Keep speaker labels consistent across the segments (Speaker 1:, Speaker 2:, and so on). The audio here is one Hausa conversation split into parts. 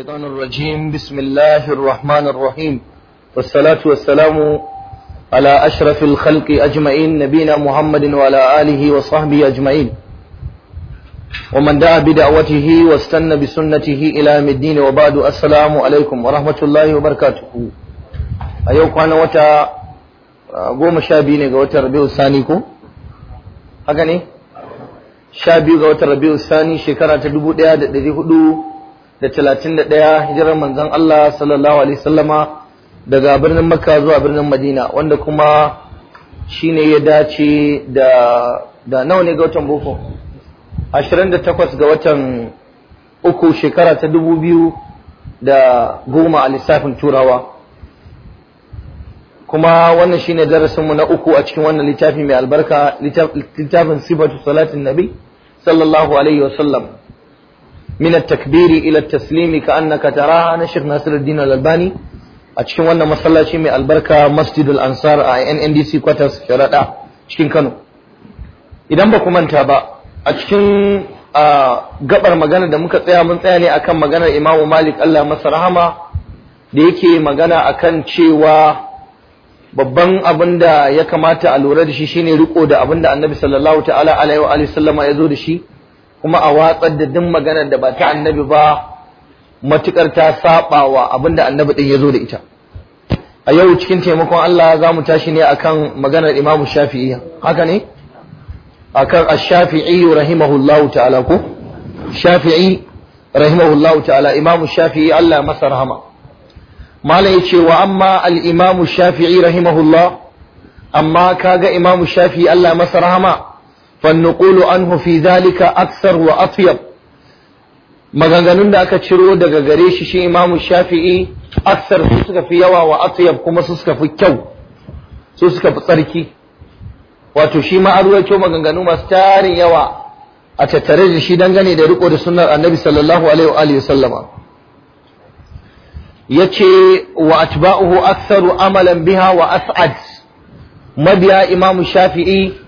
Speaker 1: الشيطان الرجيم بسم الله الرحمن الرحيم والصلاة والسلام على أشرف الخلق أجمعين نبينا محمد وعلى آله وصحبه أجمعين ومن دعا بدعوته واستنى بسنته إلى يوم الدين وبعد السلام عليكم ورحمة الله وبركاته أيوك أنا وتا قوم شابين وتا ربيع الثانيكم هكذا شابي وتا ربيع الثاني شكرا تدبو ديادة دي هدو da talatin da ɗaya hijirar manzon Allah sallallahu alaihi sallama daga birnin Makka zuwa birnin Madina wanda kuma shi ne ya dace da da nawa ne ga watan boko 28 ga watan uku shekara ta dubu biyu da goma a lissafin turawa kuma wannan shi ne darasinmu na uku a cikin wannan littafi mai albarka littafin sifatu salatin nabi sallallahu alaihi wasallam من التكبير takbiri ila كانك taslimi ka annaka ناصر na الالباني Nasiruddin albani a cikin wannan masallaci mai albarka Masjidul Ansar a NNDC quarters sharada cikin Kano idan ba ku manta ba a cikin gabar magana da muka tsaya mun tsaya ne akan maganar Imam Malik Allah masa rahama da yake magana akan cewa babban abin da ya kamata a lura da shi shine riko da abin da annabi sallallahu ta'ala alaihi wa sallama ya zo da shi kuma a watsar da duk maganar da ba ta annabi ba matukar ta sabawa abinda annabi din yazo da ita a yau cikin taimakon Allah za mu tashi ne akan maganar Imam Shafi'i haka ne akan Ash-Shafi'i rahimahullahu ta'ala ko Shafi'i rahimahullahu ta'ala Imam Shafi'i Allah masa rahama malai yace wa amma al-Imam Shafi'i rahimahullah amma kaga Imam Shafi'i Allah masa rahama فالنقول عنه في ذلك أكثر وأطيب maganganun da aka ciro daga gare shi shi imamu shafi'i aksar su suka fi yawa wa atyab kuma su suka fi kyau su suka fi tsarki wato shi ma arwaito maganganu masu tarin yawa a tattare da shi dangane da riko da sunnar annabi sallallahu alaihi wa alihi sallama yace wa atba'uhu aktharu amalan biha wa as'ad mabiya imamu shafi'i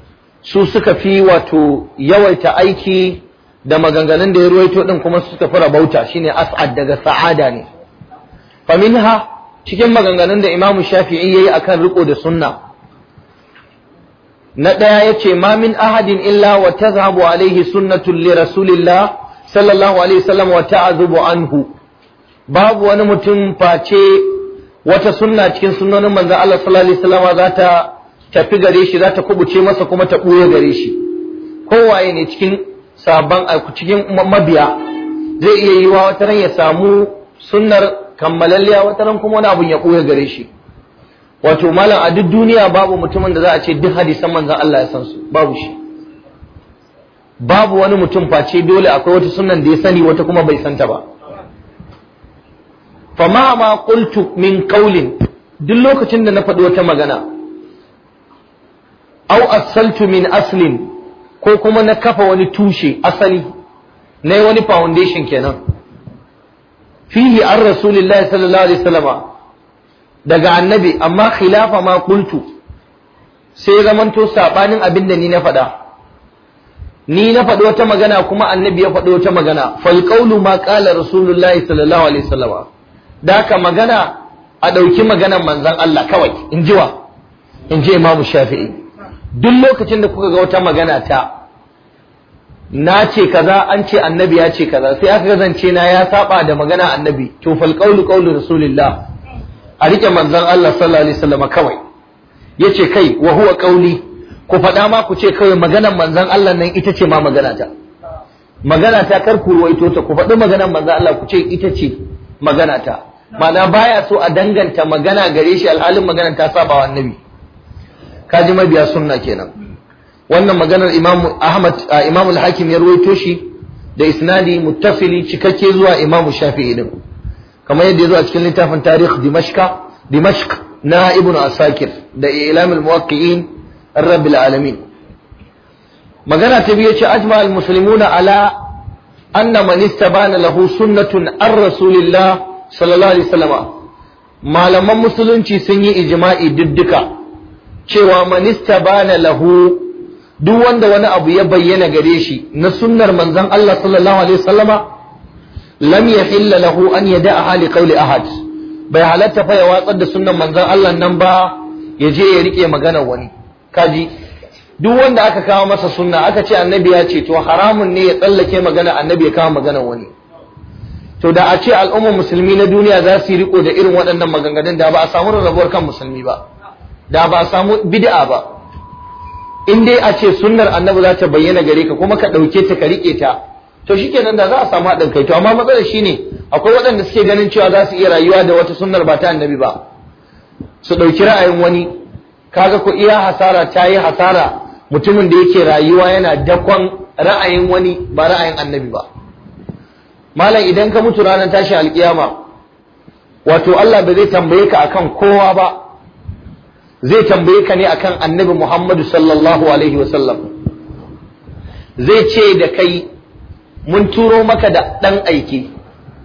Speaker 1: su suka fi wato yawaita aiki da maganganun da ya ruwaito din kuma suka fi rabauta shine as'ad daga sa'ada ne faminha cikin maganganun da imamu shafi'i yayi akan riko da sunna na ɗaya ya ce ma min ahadin illa wa tazhabu alaihi sunnatun li rasulillah sallallahu alaihi wasallam wa ta'zubu anhu babu wani mutum face wata sunna cikin sunnonin manzon Allah sallallahu alaihi wasallam za ta tafi gare shi za ta kubuce masa kuma ta buya gare shi kowaye ne cikin sabon cikin mabiya zai iya yi wa wata ran ya samu sunnar kammalalliya wata ran kuma wani abun ya buya gare shi wato malam a duk duniya babu mutumin da za a ce duk hadisan manzan Allah ya san su babu shi babu wani mutum face dole akwai wata sunan da ya sani wata kuma bai santa ba fama ma qultu min qawlin duk lokacin da na faɗi wata magana au asaltu min aslin ko kuma na kafa wani tushe asali na yi wani foundation kenan fihi an rasulillahi sallallahu alaihi wasallama daga annabi amma khilafa ma qultu sai zamanto saɓanin abin da ni na faɗa ni na faɗi wata magana kuma annabi ya faɗi wata magana fal qawlu ma qala rasulullahi sallallahu alaihi wasallama daka magana a ɗauki maganan manzon Allah kawai in jiwa in ji imamu shafi'i duk lokacin da kuka ga wata magana ta na ce kaza an ce annabi ya ce kaza sai aka gazance na ya saba da magana annabi to fal qawlu qawlu rasulillah a rike manzon Allah sallallahu alaihi wasallam kawai yace kai wa huwa qawli ku faɗa ma ku ce kawai maganar manzon Allah nan ita ce ma magana ta magana ta kar ku ruwaito ta ku faɗi maganar manzon Allah ku ce ita ce magana ta ma'ana baya so a danganta magana gare shi alhalin magana ta saba wa annabi kaji mabiya sunna kenan wannan maganar imamu ahmad imamu al-hakim ya ruwaito shi da isnadi muttasili cikakke zuwa imamu shafi'i din kamar yadda ya zo a cikin littafin tarikh dimashka dimashq na ibnu asakir da ilamul muwaqqi'in rabbil alamin magana ta biyu ce ajma al-muslimuna ala anna man istabana lahu sunnatun ar rasulillah sallallahu alaihi wasallam malaman musulunci sun yi ijma'i diddika cewa manista bana lahu duk wanda wani abu ya bayyana gare shi na sunnar manzan Allah sallallahu alaihi wasallama lam yahilla lahu an yada'a hali qawli ahad bai halatta fa ya watsar da sunnan manzan Allah nan ba ya je ya rike magana wani kaji duk wanda aka kawo masa sunna aka ce annabi ya ce to haramun ne ya tsallake magana annabi ya kawo magana wani to da a ce al'ummar musulmi na duniya za su yi riko da irin waɗannan maganganun da ba a samu rarrabuwar kan musulmi ba da ba a samu bid'a ba in dai a ce sunnar annabi za ta bayyana gare ka kuma ka ɗauke ta ka riƙe ta to shikenan da za a samu haɗin kai to amma matsalar shine akwai waɗanda suke ganin cewa za su iya rayuwa da wata sunnar ba ta annabi ba su ɗauki ra'ayin wani kaga ko iya hasara ta yi hasara mutumin da yake rayuwa yana dakon ra'ayin wani ba ra'ayin annabi ba malam idan ka mutu ranar tashi alkiyama wato Allah ba zai tambaye ka akan kowa ba zai tambaye ka ne akan annabi Muhammadu sallallahu alaihi wasallam zai ce da kai mun turo maka da ɗan aiki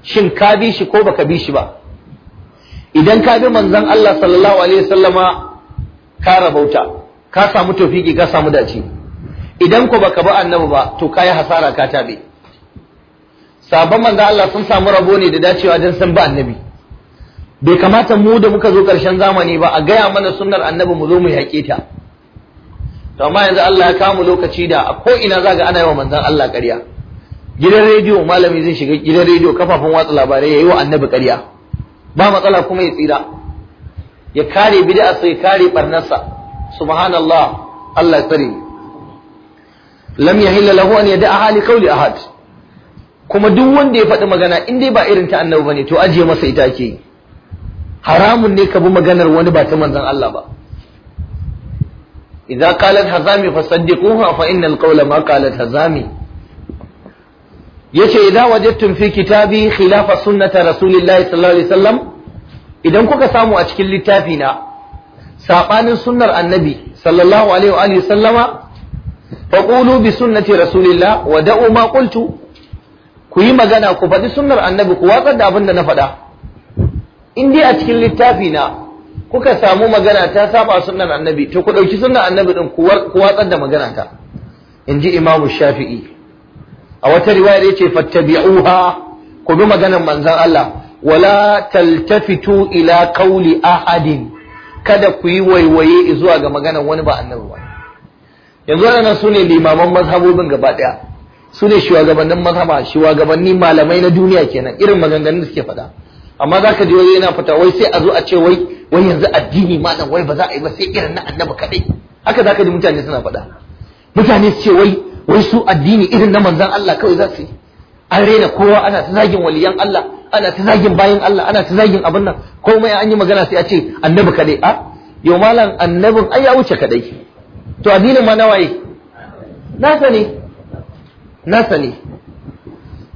Speaker 1: shin ka bi shi ko baka bi shi ba idan ka bi manzon Allah sallallahu alaihi wasallama ka rabauta ka samu tofiki ka samu dace idan ko baka bi annabi ba to kai hasara ka tabe sabon manzon Allah sun samu rabo ne da dacewa dan san ba annabi bai kamata mu da muka zo ƙarshen zamani ba a gaya mana sunnar annabi mu zo mu yaƙe ta to amma yanzu Allah ya kamu lokaci da ko ina za ana yawa manzon Allah ƙarya gidan rediyo malami zai shiga gidan rediyo kafafun watsa labarai ya yi wa annabi ƙarya ba matsala kuma ya tsira ya kare bid'a sai kare barnarsa subhanallah Allah tsare lam yahilla lahu an yada'a hali qawli ahad kuma duk wanda ya faɗi magana in dai ba irin ta annabi bane to ajiye masa ita ke yi haramun ne ka bi maganar wani ba ta manzan Allah ba idza qalat hazami fasaddiquha fa innal qawla ma qalat hazami yace idza wajadtum fi kitabi khilafa sunnati rasulillahi sallallahu alaihi wasallam idan kuka samu a cikin littafi na sabanin sunnar annabi sallallahu alaihi wa alihi sallama faqulu bi sunnati rasulillah wa da'u ma qultu ku yi magana ku faɗi sunnar annabi ku watsar da abin da na faɗa in dai a cikin littafi na kuka samu magana ta saba sunan annabi to ku dauki sunnan annabi din ku watsar da magana ta inji imamu shafi'i a wata riwaya yace fattabi'uha ku bi maganar manzon Allah wala taltafitu ila qawli ahadin kada ku yi waiwaye zuwa ga maganar wani ba annabi ba yanzu wannan sune limaman mazhabobin gaba daya su ne shugabannin mazhaba shugabanni malamai na duniya kenan irin maganganun da suke faɗa amma za ka ji wai yana fita wai sai a zo a ce wai wai yanzu addini malam wai ba za a yi ba sai irin na annabi kadai haka za ka ji mutane suna faɗa mutane su ce wai wai su addini irin na manzan Allah kawai za su yi an raina kowa ana ta zagin waliyan Allah ana ta zagin bayan Allah ana ta zagin abin nan komai an yi magana sai a ce annabi kadai a yau malam annabin ai ya wuce kadai to addinin ma nawaye Na sani. Na sani.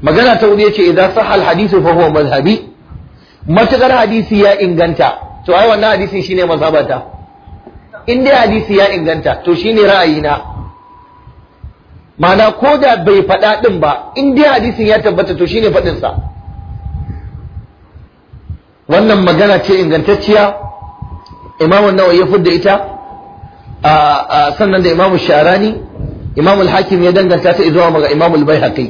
Speaker 1: magana ta wuri yace idan sahal hadithu fa huwa madhhabi matukar hadisi ya inganta to ai wannan hadisi shine mazhabata in dai hadisi ya inganta to shine ra'ayina ma'ana ko da bai faɗa ɗin ba in dai hadisin ya tabbata to shine faɗinsa wannan magana ce ingantacciya Imamu nawa ya fudda ita a sannan da imamu sharani imamul hakim ya danganta ta zuwa ga imamul bai haƙi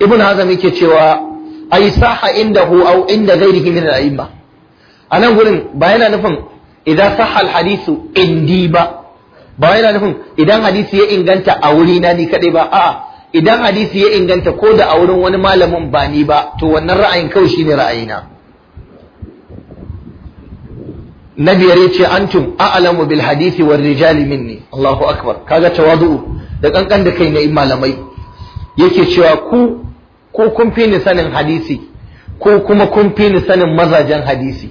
Speaker 1: ibn hazam yake cewa ai saha inda aw inda da min al A anan gurin ba yana nufin idan saha al-hadisu indi ba ba yana nufin idan hadisi ya inganta a wuri na ni kadai ba a'a idan hadisi ya inganta ko da a wurin wani malamin ba ni ba to wannan ra'ayin kawai shine ra'ayina na biyar ce antum a'lamu bil hadisi war rijali minni Allahu akbar kaga tawadu da kankan da kai na malamai yake cewa ku ko kun fi ni sanin hadisi ko kuma kun fi ni sanin mazajen hadisi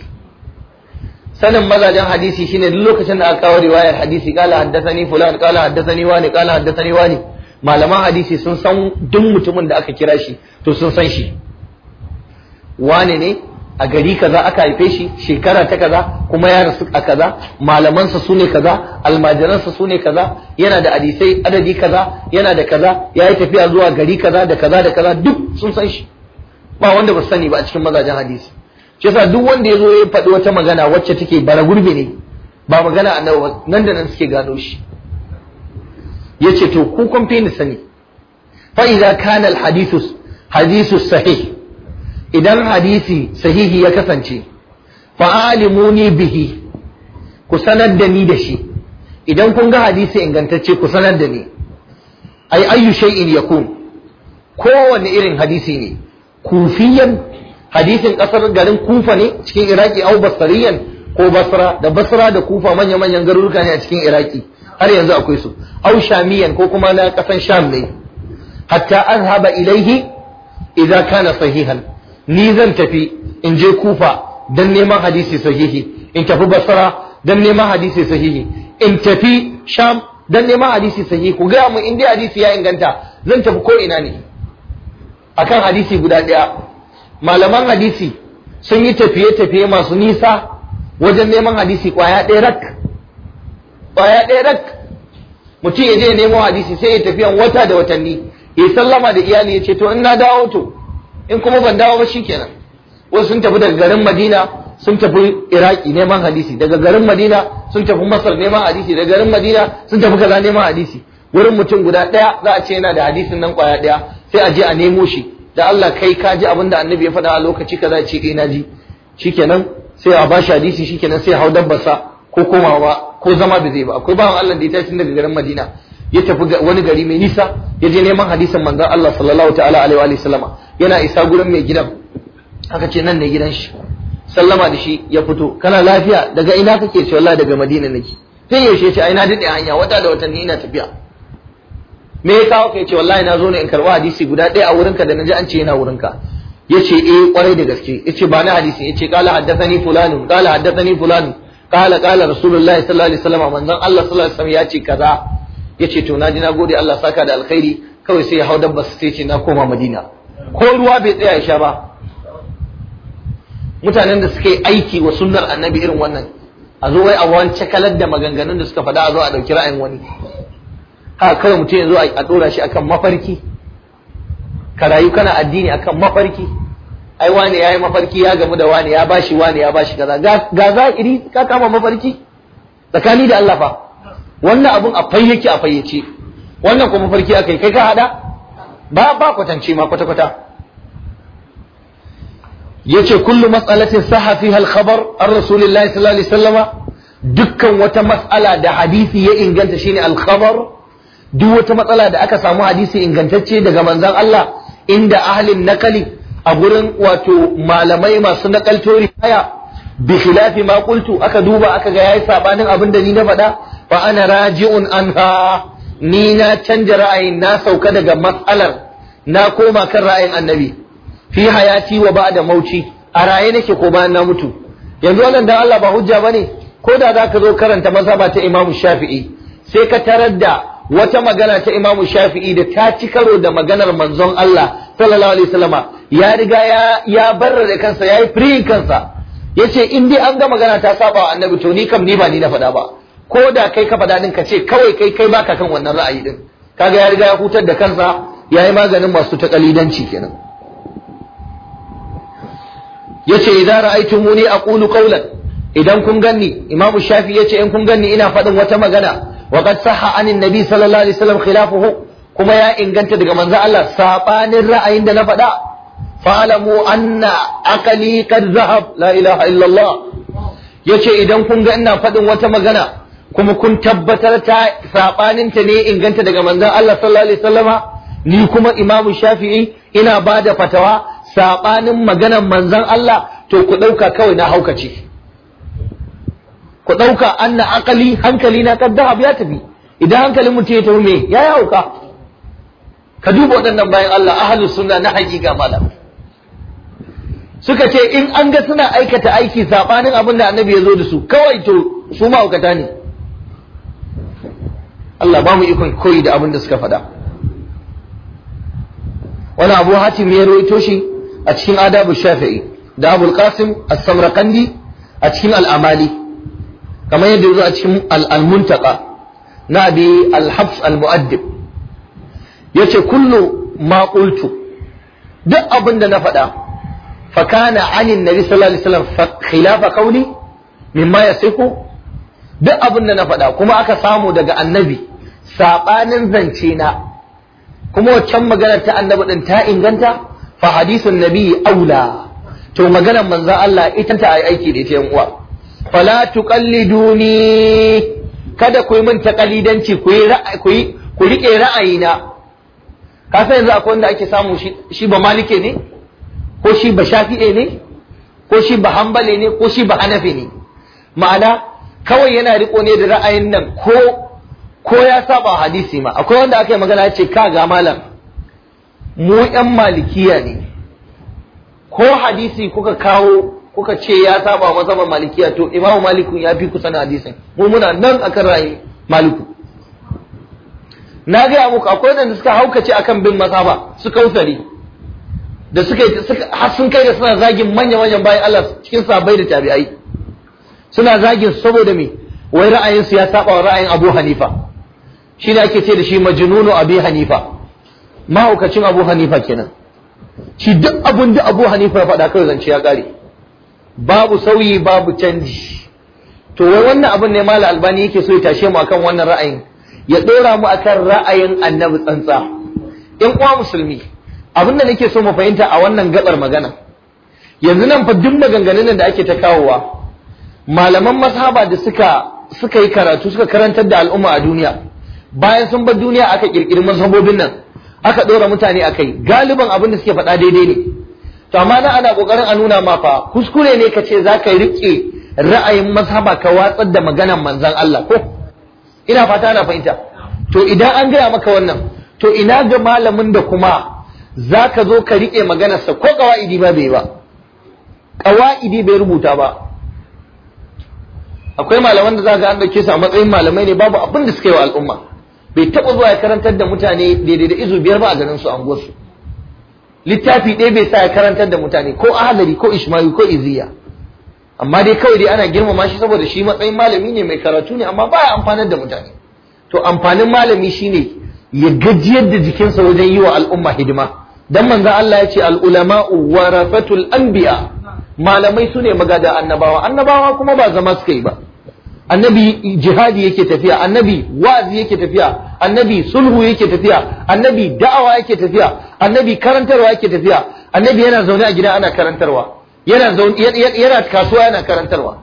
Speaker 1: sanin mazajen hadisi shine duk lokacin da aka kawo riwayar hadisi kala haddathani fulan kala haddathani wani kala haddathani wani malaman hadisi sun san duk mutumin da aka kira shi to sun san shi wane ne a gari kaza aka haife shi shekara ta kaza kuma ya rasu a kaza malamansa su ne kaza almajiransa su ne kaza yana da adisai, adadi kaza yana da kaza ya yi tafiya zuwa gari kaza da kaza da kaza duk sun san shi ba wanda ba sani ba a cikin mazajen hadisi shi yasa duk wanda ya zo ya faɗi wata magana wacce take bara gurbi ne ba magana a ba nan da nan suke gano shi Ya ce to ku kun fi ni sani fa idza kana al sahih idan hadisi sahihi ya kasance fa'alimuni bihi ku sanar da ni da shi idan kun ga hadisi ingantacce ku sanar da ni ai ayyu shay'in yakun kowanne irin hadisi ne kufiyan hadisin kasar garin kufa ne cikin iraki au basariyan ko basra da basra da kufa manya manyan garuruka ne a cikin iraki har yanzu akwai su au shamiyan ko kuma na kasan sham ne hatta azhaba ilaihi idza kana sahihan ni zan tafi in je kufa don neman hadisi sahihi in tafi basara don neman hadisi sahihi in tafi sham don neman hadisi sahihi ku gaya mu in dai hadisi ya inganta zan tafi ko ina ne akan hadisi guda ɗaya malaman hadisi sun yi tafiye-tafiye masu nisa wajen neman hadisi kwaya ɗaya rak kwaya ɗaya rak mutum ya je ya nemo hadisi sai ya tafiyan wata da watanni ya sallama da iyali ya ce to in na dawo to in kuma ban dawo ba shikenan wasu sun tafi daga garin Madina sun tafi Iraki neman hadisi daga garin Madina sun tafi Masar neman hadisi daga garin Madina sun tafi kaza neman hadisi wurin mutum guda daya za a ce yana da hadisin nan kwaya daya sai a je a nemo shi da Allah kai ka ji abin da annabi ya faɗa a lokaci kaza ce kai na ji shikenan sai a bashi hadisi shikenan sai hau dabbarsa ko komawa ko zama da zai ba akwai bawan Allah da ya tashi daga garin Madina ya tafi wani gari mai nisa ya je neman hadisin manzon Allah sallallahu ta'ala alaihi wa sallama yana isa gurin mai gidan aka ce nan ne gidan shi sallama da shi ya fito kana lafiya daga ina kake ce wallahi daga Madina nake sai ya ce ai na dade hanya wata da watanni ina tafiya me ya kawo kai ce wallahi na zo ne in karba hadisi guda ɗaya a wurinka da naji an ce yana wurinka yace eh kwarai da gaske yace ba na hadisi yace qala haddathani fulanu qala haddathani fulanu qala qala rasulullahi sallallahu alaihi wasallam manzon Allah sallallahu alaihi wasallam yace kaza Ya ce to na ji na gode Allah saka da alkhairi kawai sai ya hau dabba sai ce na koma Madina ko ruwa bai tsaya ya sha ba mutanen da suka yi aiki wa sunnar annabi irin wannan a zo wai a wani kalar da maganganun da suka faɗa a zo a ɗauki ra'ayin wani haka kawai mutum yanzu a ɗora shi akan mafarki ka rayu kana addini akan mafarki ai wani ya yi mafarki ya gamu da wani ya bashi wani ya bashi kaza ga za iri ka kama mafarki tsakani da Allah fa wannan abun a fayyace a fayyace wannan kuma farki akai kai ka hada ba ba kwatance ma kwata kwata yace kullu mas'alatin sahafi fiha al-khabar an rasulillahi sallallahu alaihi wasallama dukkan wata mas'ala da hadisi ya inganta shine al-khabar duk wata matsala da aka samu hadisi ingantacce daga manzon Allah inda ahlin nakali a gurin wato malamai masu nakalto haya, bi khilafi ma qultu aka duba aka ga yayi sabanin abin da ni na faɗa fa ana raji'un anha ni na canja ra'ayin na sauka daga matsalar na koma kan ra'ayin annabi fi hayati wa ba'da mauci a raye nake ko bayan na mutu yanzu wannan dan Allah ba hujja bane ko da zaka zo karanta mazhaba ta Imam Shafi'i sai ka tarar da wata magana ta Imam Shafi'i da ta ci karo da maganar manzon Allah sallallahu alaihi wasallama ya riga ya ya barra da kansa yayi free kansa yace in dai an ga magana ta saba wa annabi to ni kam ni ba ni na faɗa ba ko da kai ka faɗa ka ce kawai kai kai baka kan wannan ra'ayi din kaga ya riga ya hutar da kansa ya yi maganin masu taƙalidanci kenan yace idan ra'aytumuni aqulu qawlan idan kun ganni imamu shafi yace in kun ganni ina faɗin wata magana وقد صح عن النبي صلى الله عليه وسلم خلافه Kuma ya inganta daga manzo Allah sabanin ra'ayin da na faɗa fa'lamu anna aqli qad zahab la ilaha illa Allah yace idan kun ga ina faɗin wata magana kuma kun tabbatar ta saɓaninta ne inganta daga manzon Allah sallallahu alaihi wasallama ni kuma imamu shafi'i ina ba da fatawa saɓanin maganan manzan Allah to ku ɗauka kawai na haukace ku ɗauka anna akali hankali na kadda ya tafi idan hankalin mutum ya tafi me ya yi hauka ka duba waɗannan bayan Allah ahalus sunna na haƙiƙa malam suka ce in an ga suna aikata aiki saɓanin abin da annabi ya zo da su kawai to su mahaukata ne Allah ba mu ikon koyi da abin da suka faɗa wani abu hatim ya rawaito shi a cikin adabu shafi'i da abul qasim as-samarqandi a cikin al'amali, kamar yadda yazo a cikin al na abi al-hafs al-mu'addib yace kullu ma qultu duk abin da na faɗa fa kana anin nabi sallallahu alaihi wasallam fa khilafa qawli mimma yasihu duk abin da na faɗa kuma aka samu daga annabi saɓanin zance na kuma waccan maganar ta annabi ɗin ta inganta fa hadisun nabi aula to maganar manzan Allah ita ta aiki da ita yan uwa fala tuqalliduni kada ku yi min taqalidanci ku yi ku yi ku rike ra'ayina ka san yanzu akwai wanda ake samu shi shi ba malike ne ko shi ba shafi'e ne ko shi ba hanbali ne ko shi ba hanafi ne ma'ana kawai yana riko ne da ra'ayin nan ko ko ya saba hadisi ma akwai wanda aka yi magana ya ce ka ga malam mu yan malikiya ne ko hadisi kuka kawo kuka ce ya saba mazhaban malikiya to imamu maliku ya fi kusa na hadisin mu muna nan akan ra'ayin maliku na gaya muku akwai wanda suka haukace akan bin mazhaba su kausari da suka har sun kai da suna zagin manya-manyan bayan Allah cikin sabai da tabi'ai suna zagin saboda me wai ra'ayinsu ya saba wa ra'ayin Abu Hanifa shi ne ake ce da shi majinuno Abi Hanifa mahaukacin Abu Hanifa kenan shi duk abun da Abu Hanifa ya faɗa kawai zance ya ƙare babu sauyi babu canji to wai wannan abin ne Malam Albani yake so ya tashe mu akan wannan ra'ayin ya ɗora mu akan ra'ayin Annabi tsantsa Yan uwa musulmi abin da nake so mu fahimta a wannan gabar magana yanzu nan fa duk maganganun da ake ta kawowa malaman masaba da suka suka yi karatu suka karantar da al'umma a duniya bayan sun bar duniya aka kirkiri mazhabobin nan aka ɗora mutane a kai galiban abin da suke faɗa daidai ne to amma na ana kokarin a nuna ma fa kuskure ne ka ce za ka riƙe ra'ayin masaba ka watsar da maganan manzan Allah ko ina fata ana fahimta to idan an gaya maka wannan to ina ga malamin da kuma za ka zo ka riƙe maganarsa ko kawaidi ba bai ba ƙawa'idi bai rubuta ba akwai malaman da za ga an dauke su a matsayin malamai ne babu abin da suka yi wa al'umma bai taɓa zuwa ya karantar da mutane daidai da izu biyar ba a garin su unguwarsu littafi ɗaya bai sa ya karantar da mutane ko ahadari ko ishmawi ko iziya amma dai kawai dai ana girmama shi saboda shi matsayin malami ne mai karatu ne amma baya amfanar da mutane to amfanin malami shine ya gajiyar da jikinsa wajen yi wa al'umma hidima dan manzo Allah ya ce al ulama'u warafatul anbiya malamai su ne magada annabawa annabawa kuma ba zama suka yi ba annabi jihadi yake tafiya annabi wa'azi yake tafiya annabi sulhu yake tafiya annabi da'awa yake tafiya annabi karantarwa yake tafiya annabi yana zaune a gida ana karantarwa yana yana kasuwa yana karantarwa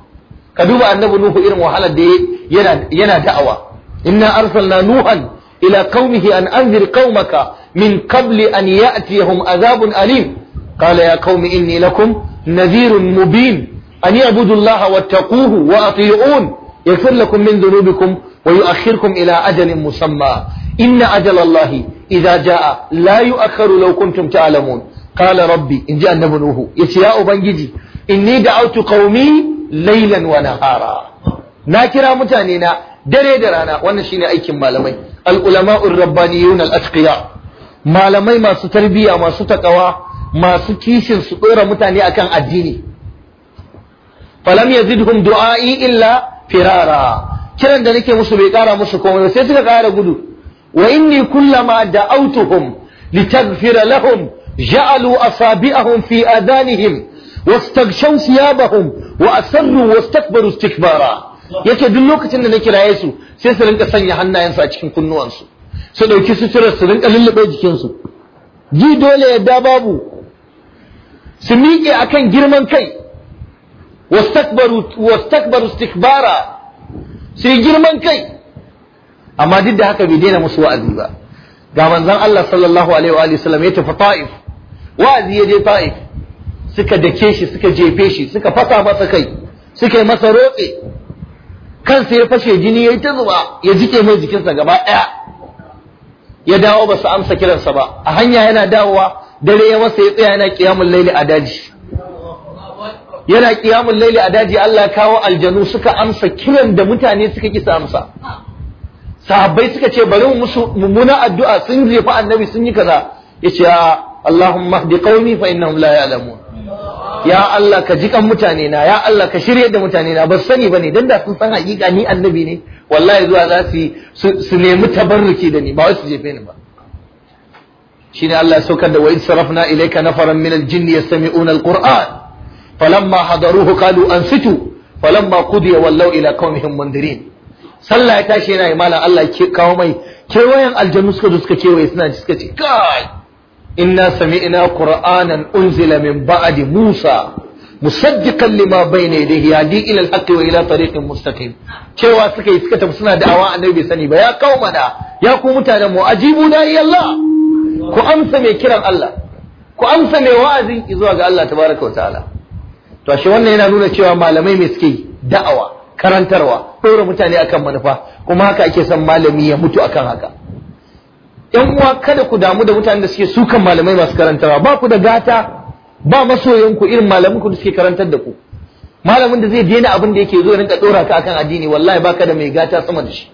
Speaker 1: ka duba annabi nuhu irin wahalar da yana yana da'awa inna arsalna nuhan ila qaumihi an anzir qaumaka min qabli an ya'tiyahum azabun alim qala ya qaumi inni lakum نذير مبين أن يعبدوا الله واتقوه وأطيعون يغفر لكم من ذنوبكم ويؤخركم إلى أجل مسمى إن أجل الله إذا جاء لا يؤخر لو كنتم تعلمون قال ربي إن جاء نبنوه يتياء بنجدي إني دعوت قومي ليلا ونهارا ناكرا متانينا dare da rana wannan shine aikin malamai al-ulama'ur rabbaniyun al-atqiya malamai masu tarbiya masu takawa masu kishin su ɗora mutane akan addini falam yazidhum du'a'i illa firara kiran da nake musu bai kara musu komai sai suka kara gudu wa inni kullama da'awtuhum litaghfira lahum ja'alu asabi'ahum fi adanihim wastaghshaw thiyabahum wa asarru wastakbaru istikbara yake duk lokacin da na kiraye su sai su rinka sanya hannayensu a cikin kunnuwansu su ɗauki suturar su rinka lullube jikinsu ji dole yadda babu su miƙe a kan girman kai wastakbaru istikbara su yi girman kai amma duk da haka bai daina musu wa'azi ba ga manzon Allah sallallahu alaihi wa sallam ya tafi ta'if wa'azi ya je ta'if suka dake shi suka jefe shi suka fasa masa kai suka yi masa roƙe kansa ya fashe jini ya yi ta zuba ya jike mai jikinsa gaba ɗaya ya dawo ba su amsa kiransa ba a hanya yana dawowa dare ya masa ya tsaya yana kiyamun laili a daji yana kiyamun laili a daji Allah kawo aljanu suka amsa kiran da mutane suka kisa amsa sahabbai suka ce bari mu musu mummuna addu'a sun jefa annabi sun yi kaza yace ya Allahumma hdi qaumi fa innahum la ya'lamun ya Allah ka kan mutane na ya Allah ka shirye da mutane na ba sani bane dan da sun san hakika ni annabi ne wallahi zuwa za su su nemi tabarruki da ni ba wai su jefe ni ba shine Allah ya saukar da wa id sarafna ilayka nafaran min al-jinn yastami'una al-qur'an falamma hadaruhu qalu ansitu falamma qudiya wallaw ila qaumihim mundirin sallah ya tashi yana imala Allah ke kawo mai kewayen aljannu suka zo suka kewaye suna suka ce kai inna sami'na qur'anan unzila min ba'di musa مصدقا لما بين يديه يهدي الى wa والى طريق مستقيم cewa suka yi suka tafi suna da'awa annabi bai sani ba ya mana. ya ku mutanen mu ajibu da Allah ku amsa mai kiran Allah ku amsa mai wa'azi zuwa ga Allah tabaraka wa ta'ala to shi wannan yana nuna cewa malamai mai suke da'awa karantarwa ɗora mutane akan manufa kuma haka ake son malami ya mutu akan haka yan uwa kada ku damu da mutanen da suke sukan malamai masu karantarwa ba ku da gata ba masoyan ku irin malamin ku da suke karantar da ku malamin da zai daina abin da yake zo rinka ɗora ka akan addini wallahi baka da mai gata sama da shi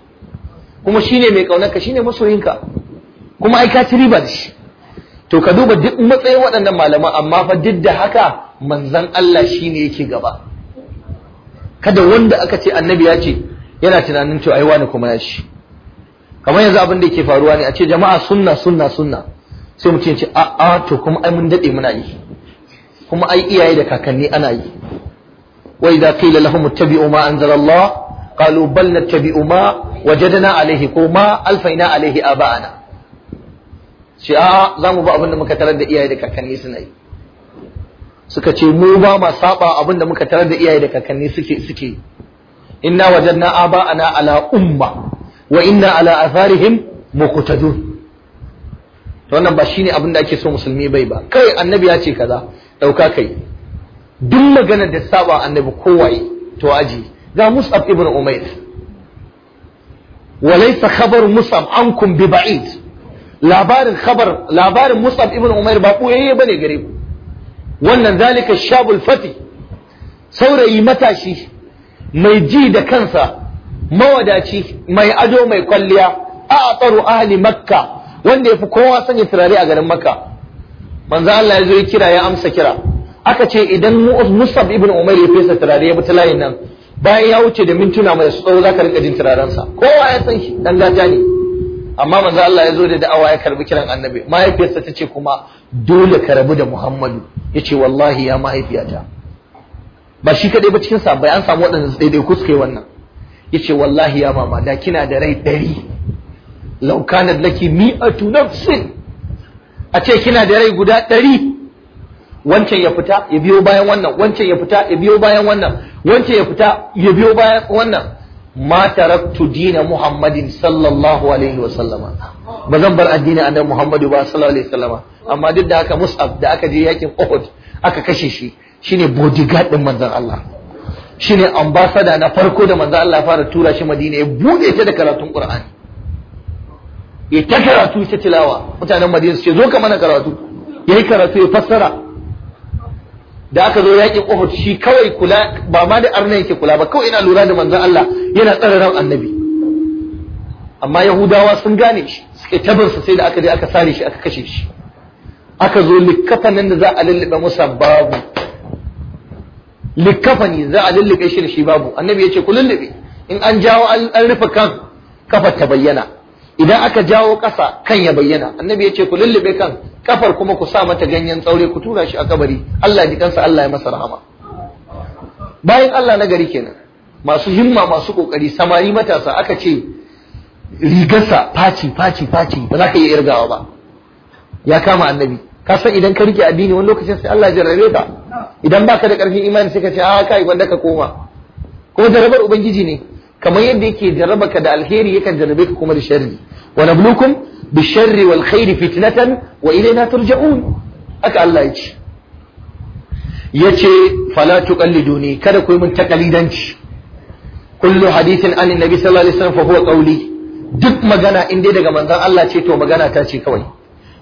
Speaker 1: kuma shine mai kaunar ka shine masoyinka kuma ai ka ci riba da shi to ka duba duk matsayin waɗannan malaman amma fa duk da haka manzan Allah shi ne yake gaba kada wanda aka ce annabi ya ce yana tunanin to ai wani kuma ya shi kamar yanzu abin da yake faruwa ne a ce jama'a sunna sunna sunna sai mu ya ce a a to kuma ai mun dade muna yi kuma ai iyaye da kakanni ana yi wa idza qila lahum ittabi'u ma anzala Allah qalu bal nattabi'u ma wajadna alayhi ko ma alfaina alayhi aba'ana ce a za mu ba abin da muka tarar da iyaye da kakanni suna yi suka ce mu ba ma saba abin da muka tarar da iyaye da kakanni suke suke inna wajadna aba'ana ala umma wa inna ala atharihim muqtadun to wannan ba shine abin da ake so musulmi bai ba kai annabi ya ce kaza dauka kai duk maganar da saba annabi kowaye to aji ga Mus'ab ibn Umayr وليس خبر مصعب عنكم ببعيد labarin khabar labarin Mus'ab ibn Umair ba koyayye bane gare ku wannan zalika shabul fati saurayi matashi mai ji da kansa mawadaci mai ado mai kwalliya a tsaro ahli makka wanda yafi kowa sanya turare a garin makka manzo Allah ya zo ya kira ya amsa kira aka ce idan Mus'ab ibn Umair ya fesa turare ya bi ta layin nan bayan ya wuce da mintuna mai tsawo zaka rika jin turarensa kowa ya san shi dan gata ne amma manzo Allah ya zo da da'awa ya karbi kiran annabi mahaifiyarsa ta ce kuma dole ka rabu da Muhammadu ya ce wallahi ya mahaifiyata ba shi kaɗai ba cikin sabai an samu waɗanda su daidai kuska yi wannan ya ce wallahi ya mama da kina da rai ɗari laukanar laki mi'atu nafsin a ce kina da rai guda ɗari wancan ya fita ya biyo bayan wannan wancan ya fita ya biyo bayan wannan wancan ya fita ya biyo bayan wannan ma taraktu dina muhammadin sallallahu alaihi wa sallama ba zan bar addinin annabi muhammadu ba sallallahu alaihi wa sallama amma duk da haka mus'ab da aka je yakin uhud aka kashe shi shine bodyguard din manzon Allah shine ambasada na farko da manzon Allah fara tura shi madina ya bude ta da karatun qur'ani ya ta karatu ta tilawa mutanen madina su ce zo ka mana karatu yayi karatu ya fassara da aka zo yaƙin Uhud shi kawai kula ba ma da arna yake kula ba kawai ina lura da manzon Allah yana tsare ran annabi amma Yahudawa sun gane shi suke tabarsa sai da aka je aka sare shi aka kashe shi aka zo nan da za a lullube musa babu ne za a lullube shi da shi babu annabi ya ce ku lullube in an jawo an rufe kan kafa ta bayyana idan aka jawo ƙasa kan ya bayyana annabi ya ce ku lullube kan kafar kuma ku sa mata ganyen tsaure ku tura shi a kabari Allah ji kansa Allah ya masa rahama bayan Allah na gari kenan masu himma masu kokari samari matasa aka ce rigarsa faci faci faci ba za ka iya irgawa ba ya kama annabi ka san idan ka rike addini wani lokacin sai Allah ya jarrabe ka idan baka da karfin imani sai ka ce a ah, kai wanda ka koma ko jarrabar ubangiji ne kamar yadda yake jarraba ka da alheri yakan jarrabe ka kuma da sharri wa nablukum bisharri kairi khairi fitnatan na ilaina turja'un haka Allah ya ce yace fala tuqalliduni kada ku yi mun takalidanci kullu hadithin an annabi sallallahu alaihi wasallam fa huwa qawli duk magana in dai daga manzon Allah ce to magana ta ce kawai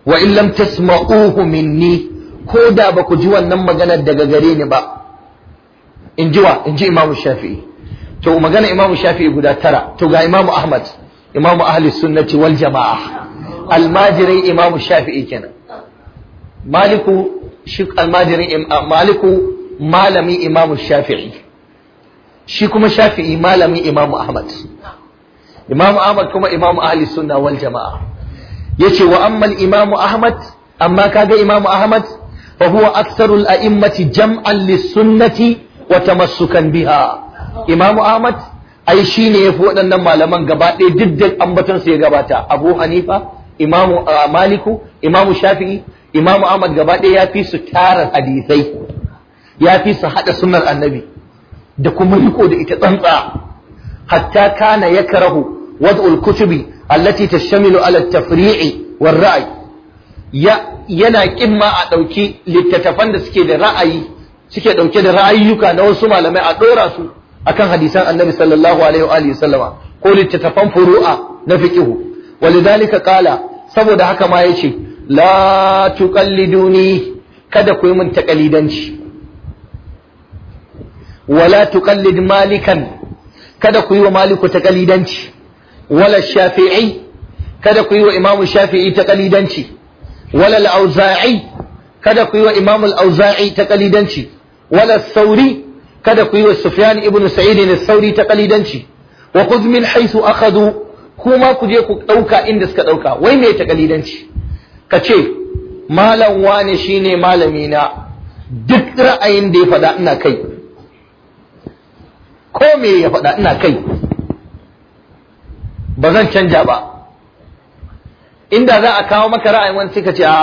Speaker 1: wa in lam tasma'uhu minni ko da ba ku ji wannan maganar daga gare ni ba in ji wa in ji imamu shafi'i to magana imamu shafi'i guda tara to ga imamu ahmad imamu ahli sunnati wal jama'a almajirin imamu shafi'i kenan maliku shi almajirin maliku malami imamu shafi'i shi kuma shafi'i malami imamu ahmad imamu ahmad kuma imamu ahli sunna wal jama'a yace wa amma imamu ahmad amma kaga imamu ahmad fa huwa aktharu al a'immati jam'an lis sunnati wa tamassukan biha imamu ahmad ai shine yafi waɗannan malaman gaba ɗaya diddan ambaton su ya gabata abu hanifa imamu maliku imamu shafi'i imamu ahmad gaba ɗaya ya fi su tara hadisai ya fi su haɗa sunar annabi da kuma riko da ita tsantsa hatta kana yakrahu wad'ul kutubi allati tashtamilu ala at-tafri'i war ra'y ya yana kimma a dauki littattafan da suke da ra'ayi suke dauke da ra'ayyuka na wasu malamai a dora su akan hadisan annabi sallallahu alaihi wa sallama ko littattafan furu'a na fiqhu Wali walidhalika qala saboda haka ma yace la tuqalliduni kada ku yi min taqalidanci wala tuqallid malikan kada ku yi wa maliku taqalidanci wala shafi'i kada ku yi wa imamu shafi'i taqalidanci wala al-auza'i kada ku imamu al-auza'i taqalidanci wala sauri kada ku yi wa sufyan ibn sa'id al-sauri taqalidanci wa khudh min haythu akhadhu kuma ku je ku ɗauka inda suka ɗauka wai me ta kalidanci ka ce malam wane shine malami na duk ra'ayin da ya faɗa ina kai ko me ya faɗa ina kai ba zan canja ba inda za a kawo maka ra'ayin wani ka ce a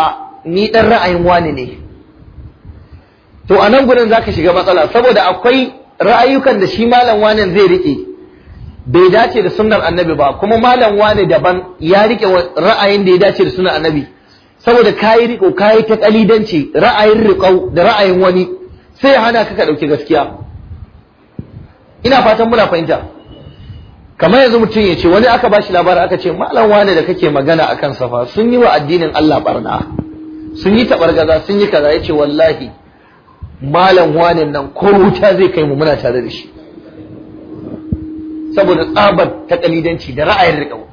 Speaker 1: ni dan ra'ayin wani ne to a nan gurin zaka shiga matsala saboda akwai ra'ayukan da shi malam wani zai rike bai dace da sunnar annabi ba kuma malam wane daban ya rike ra'ayin da ya dace da sunnar annabi saboda kayi riko kayi ta kalidanci ra'ayin riƙau da ra'ayin wani sai hana ka ka ɗauki gaskiya ina fatan muna fahimta kamar yanzu mutum ya ce wani aka ba shi labarin aka ce malam wane da kake magana akan safa sun yi wa addinin Allah barna sun yi tabargaza sun yi kaza ya ce wallahi malam wane nan ko wuta zai kai mu muna tare da shi saboda tsabar ta kalidanci da ra'ayin riƙau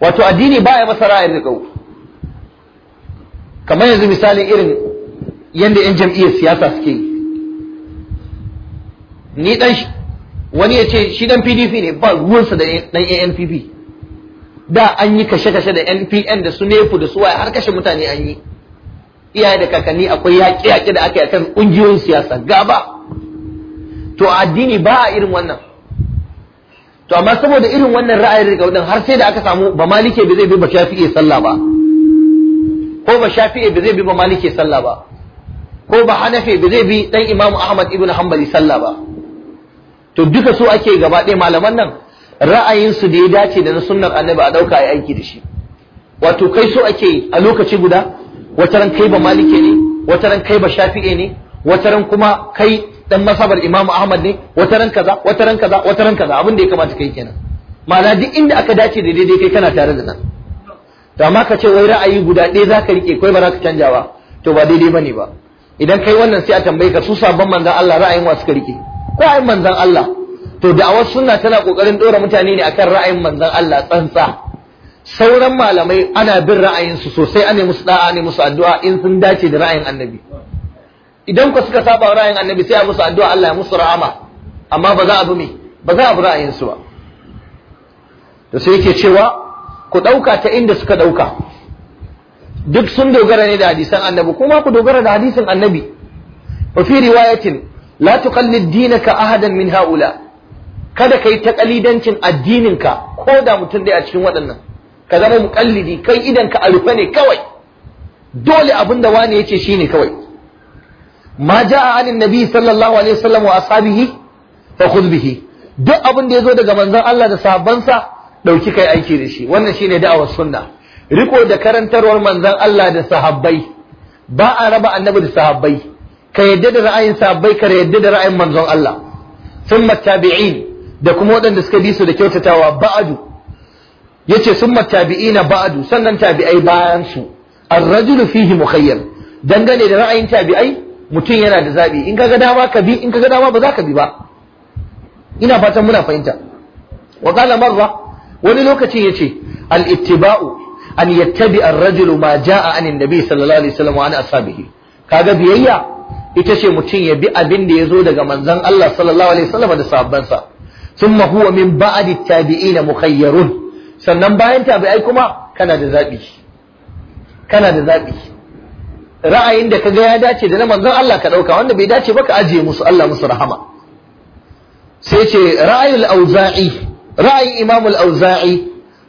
Speaker 1: wato addini ba ya masa ra'ayin riƙau kamar yanzu misalin irin yadda 'yan jam'iyyar siyasa suke yi ni dan wani ya ce shi dan pdp ne ba ruwansa da dan anpp da an yi kashe-kashe da npn da su nefu da su waye har kashe mutane an yi iyaye da kakanni akwai yaƙe-yaƙe da aka yi kan ƙungiyoyin siyasa gaba to a addini ba a irin wannan to amma saboda irin wannan ra'ayin daga wannan har sai da aka samu ba malike ba zai bi ba shafi'i sallah ba ko ba shafi'i ba zai bi ba malike sallah ba ko ba hanafi ba zai bi dan imamu ahmad ibn hanbali sallah ba to duka su ake gaba ɗaya malaman nan ra'ayinsu da ya dace da na sunnar annabi a ɗauka a aiki da shi wato kai so ake a lokaci guda wata kai ba malike ne wata kai ba shafi'i ne wata kuma kai dan masabar Imam Ahmad ne wata ran kaza wata ran kaza wata ran kaza abin da ya kamata kai kenan mana duk inda aka dace da daidai kai kana tare da nan to amma ka ce wai ra'ayi guda ɗaya zaka rike kai ba za ka canja ba to ba daidai bane ba idan kai wannan sai a tambaye ka su sabon manzan Allah ra'ayin wa suka rike ko ayin manzan Allah to da awar sunna tana kokarin dora mutane ne akan ra'ayin manzan Allah tsantsa sauran malamai ana bin ra'ayinsu su sosai ana musu da'a ne musu addu'a in sun dace da ra'ayin annabi idan ku suka saba ra'ayin annabi sai a musu addu'a Allah ya musu rahama amma ba za a bi me ba za a bi ra'ayin su ba to sai yake cewa ku dauka ta inda suka dauka duk sun dogara ne da hadisan annabi kuma ku dogara da hadisin annabi wa fi riwayatin la tuqallid dinaka ahadan min haula kada kai ta kalidancin addininka ko da mutum dai a cikin waɗannan ka zama muqallidi kai idan ka alfa ne kawai dole abinda wani yace shine kawai ma a anin nabi sallallahu alaihi wasallam wa ashabihi fa khudh duk abin da zo daga manzon Allah da sahabbansa ɗauki kai aiki da shi wannan shine da'awar sunna riko da karantarwar manzon Allah da sahabbai ba a raba annabi da sahabbai ka yadda da ra'ayin sahabbai ka yadda da ra'ayin manzon Allah Sun tabi'in da kuma waɗanda suka bi su da kyautatawa ba'adu yace sun tabi'ina ba'adu sannan tabi'ai bayan su ar-rajulu fihi mukhayyar dangane da ra'ayin tabi'ai mutum yana da zaɓi in kaga dama ka bi in kaga dama ba za ka bi ba ina fatan muna fahimta wa qala marra wani lokaci yace al ittiba'u an yattabi ar-rajul ma jaa an nabi sallallahu alaihi wasallam wa an ashabihi kaga biyayya ita ce mutum ya bi abin da yazo daga manzon Allah sallallahu alaihi wasallam da sabonsa thumma huwa min ba'di tabi'ina mukhayyarun sannan bayan tabi'ai kuma kana da zaɓi kana da zaɓi ra'ayin da kaga ya dace da na manzon Allah ka dauka wanda bai dace ba ka ajiye musu Allah musu rahama sai ce ra'ayul auza'i ra'ayin imamul auza'i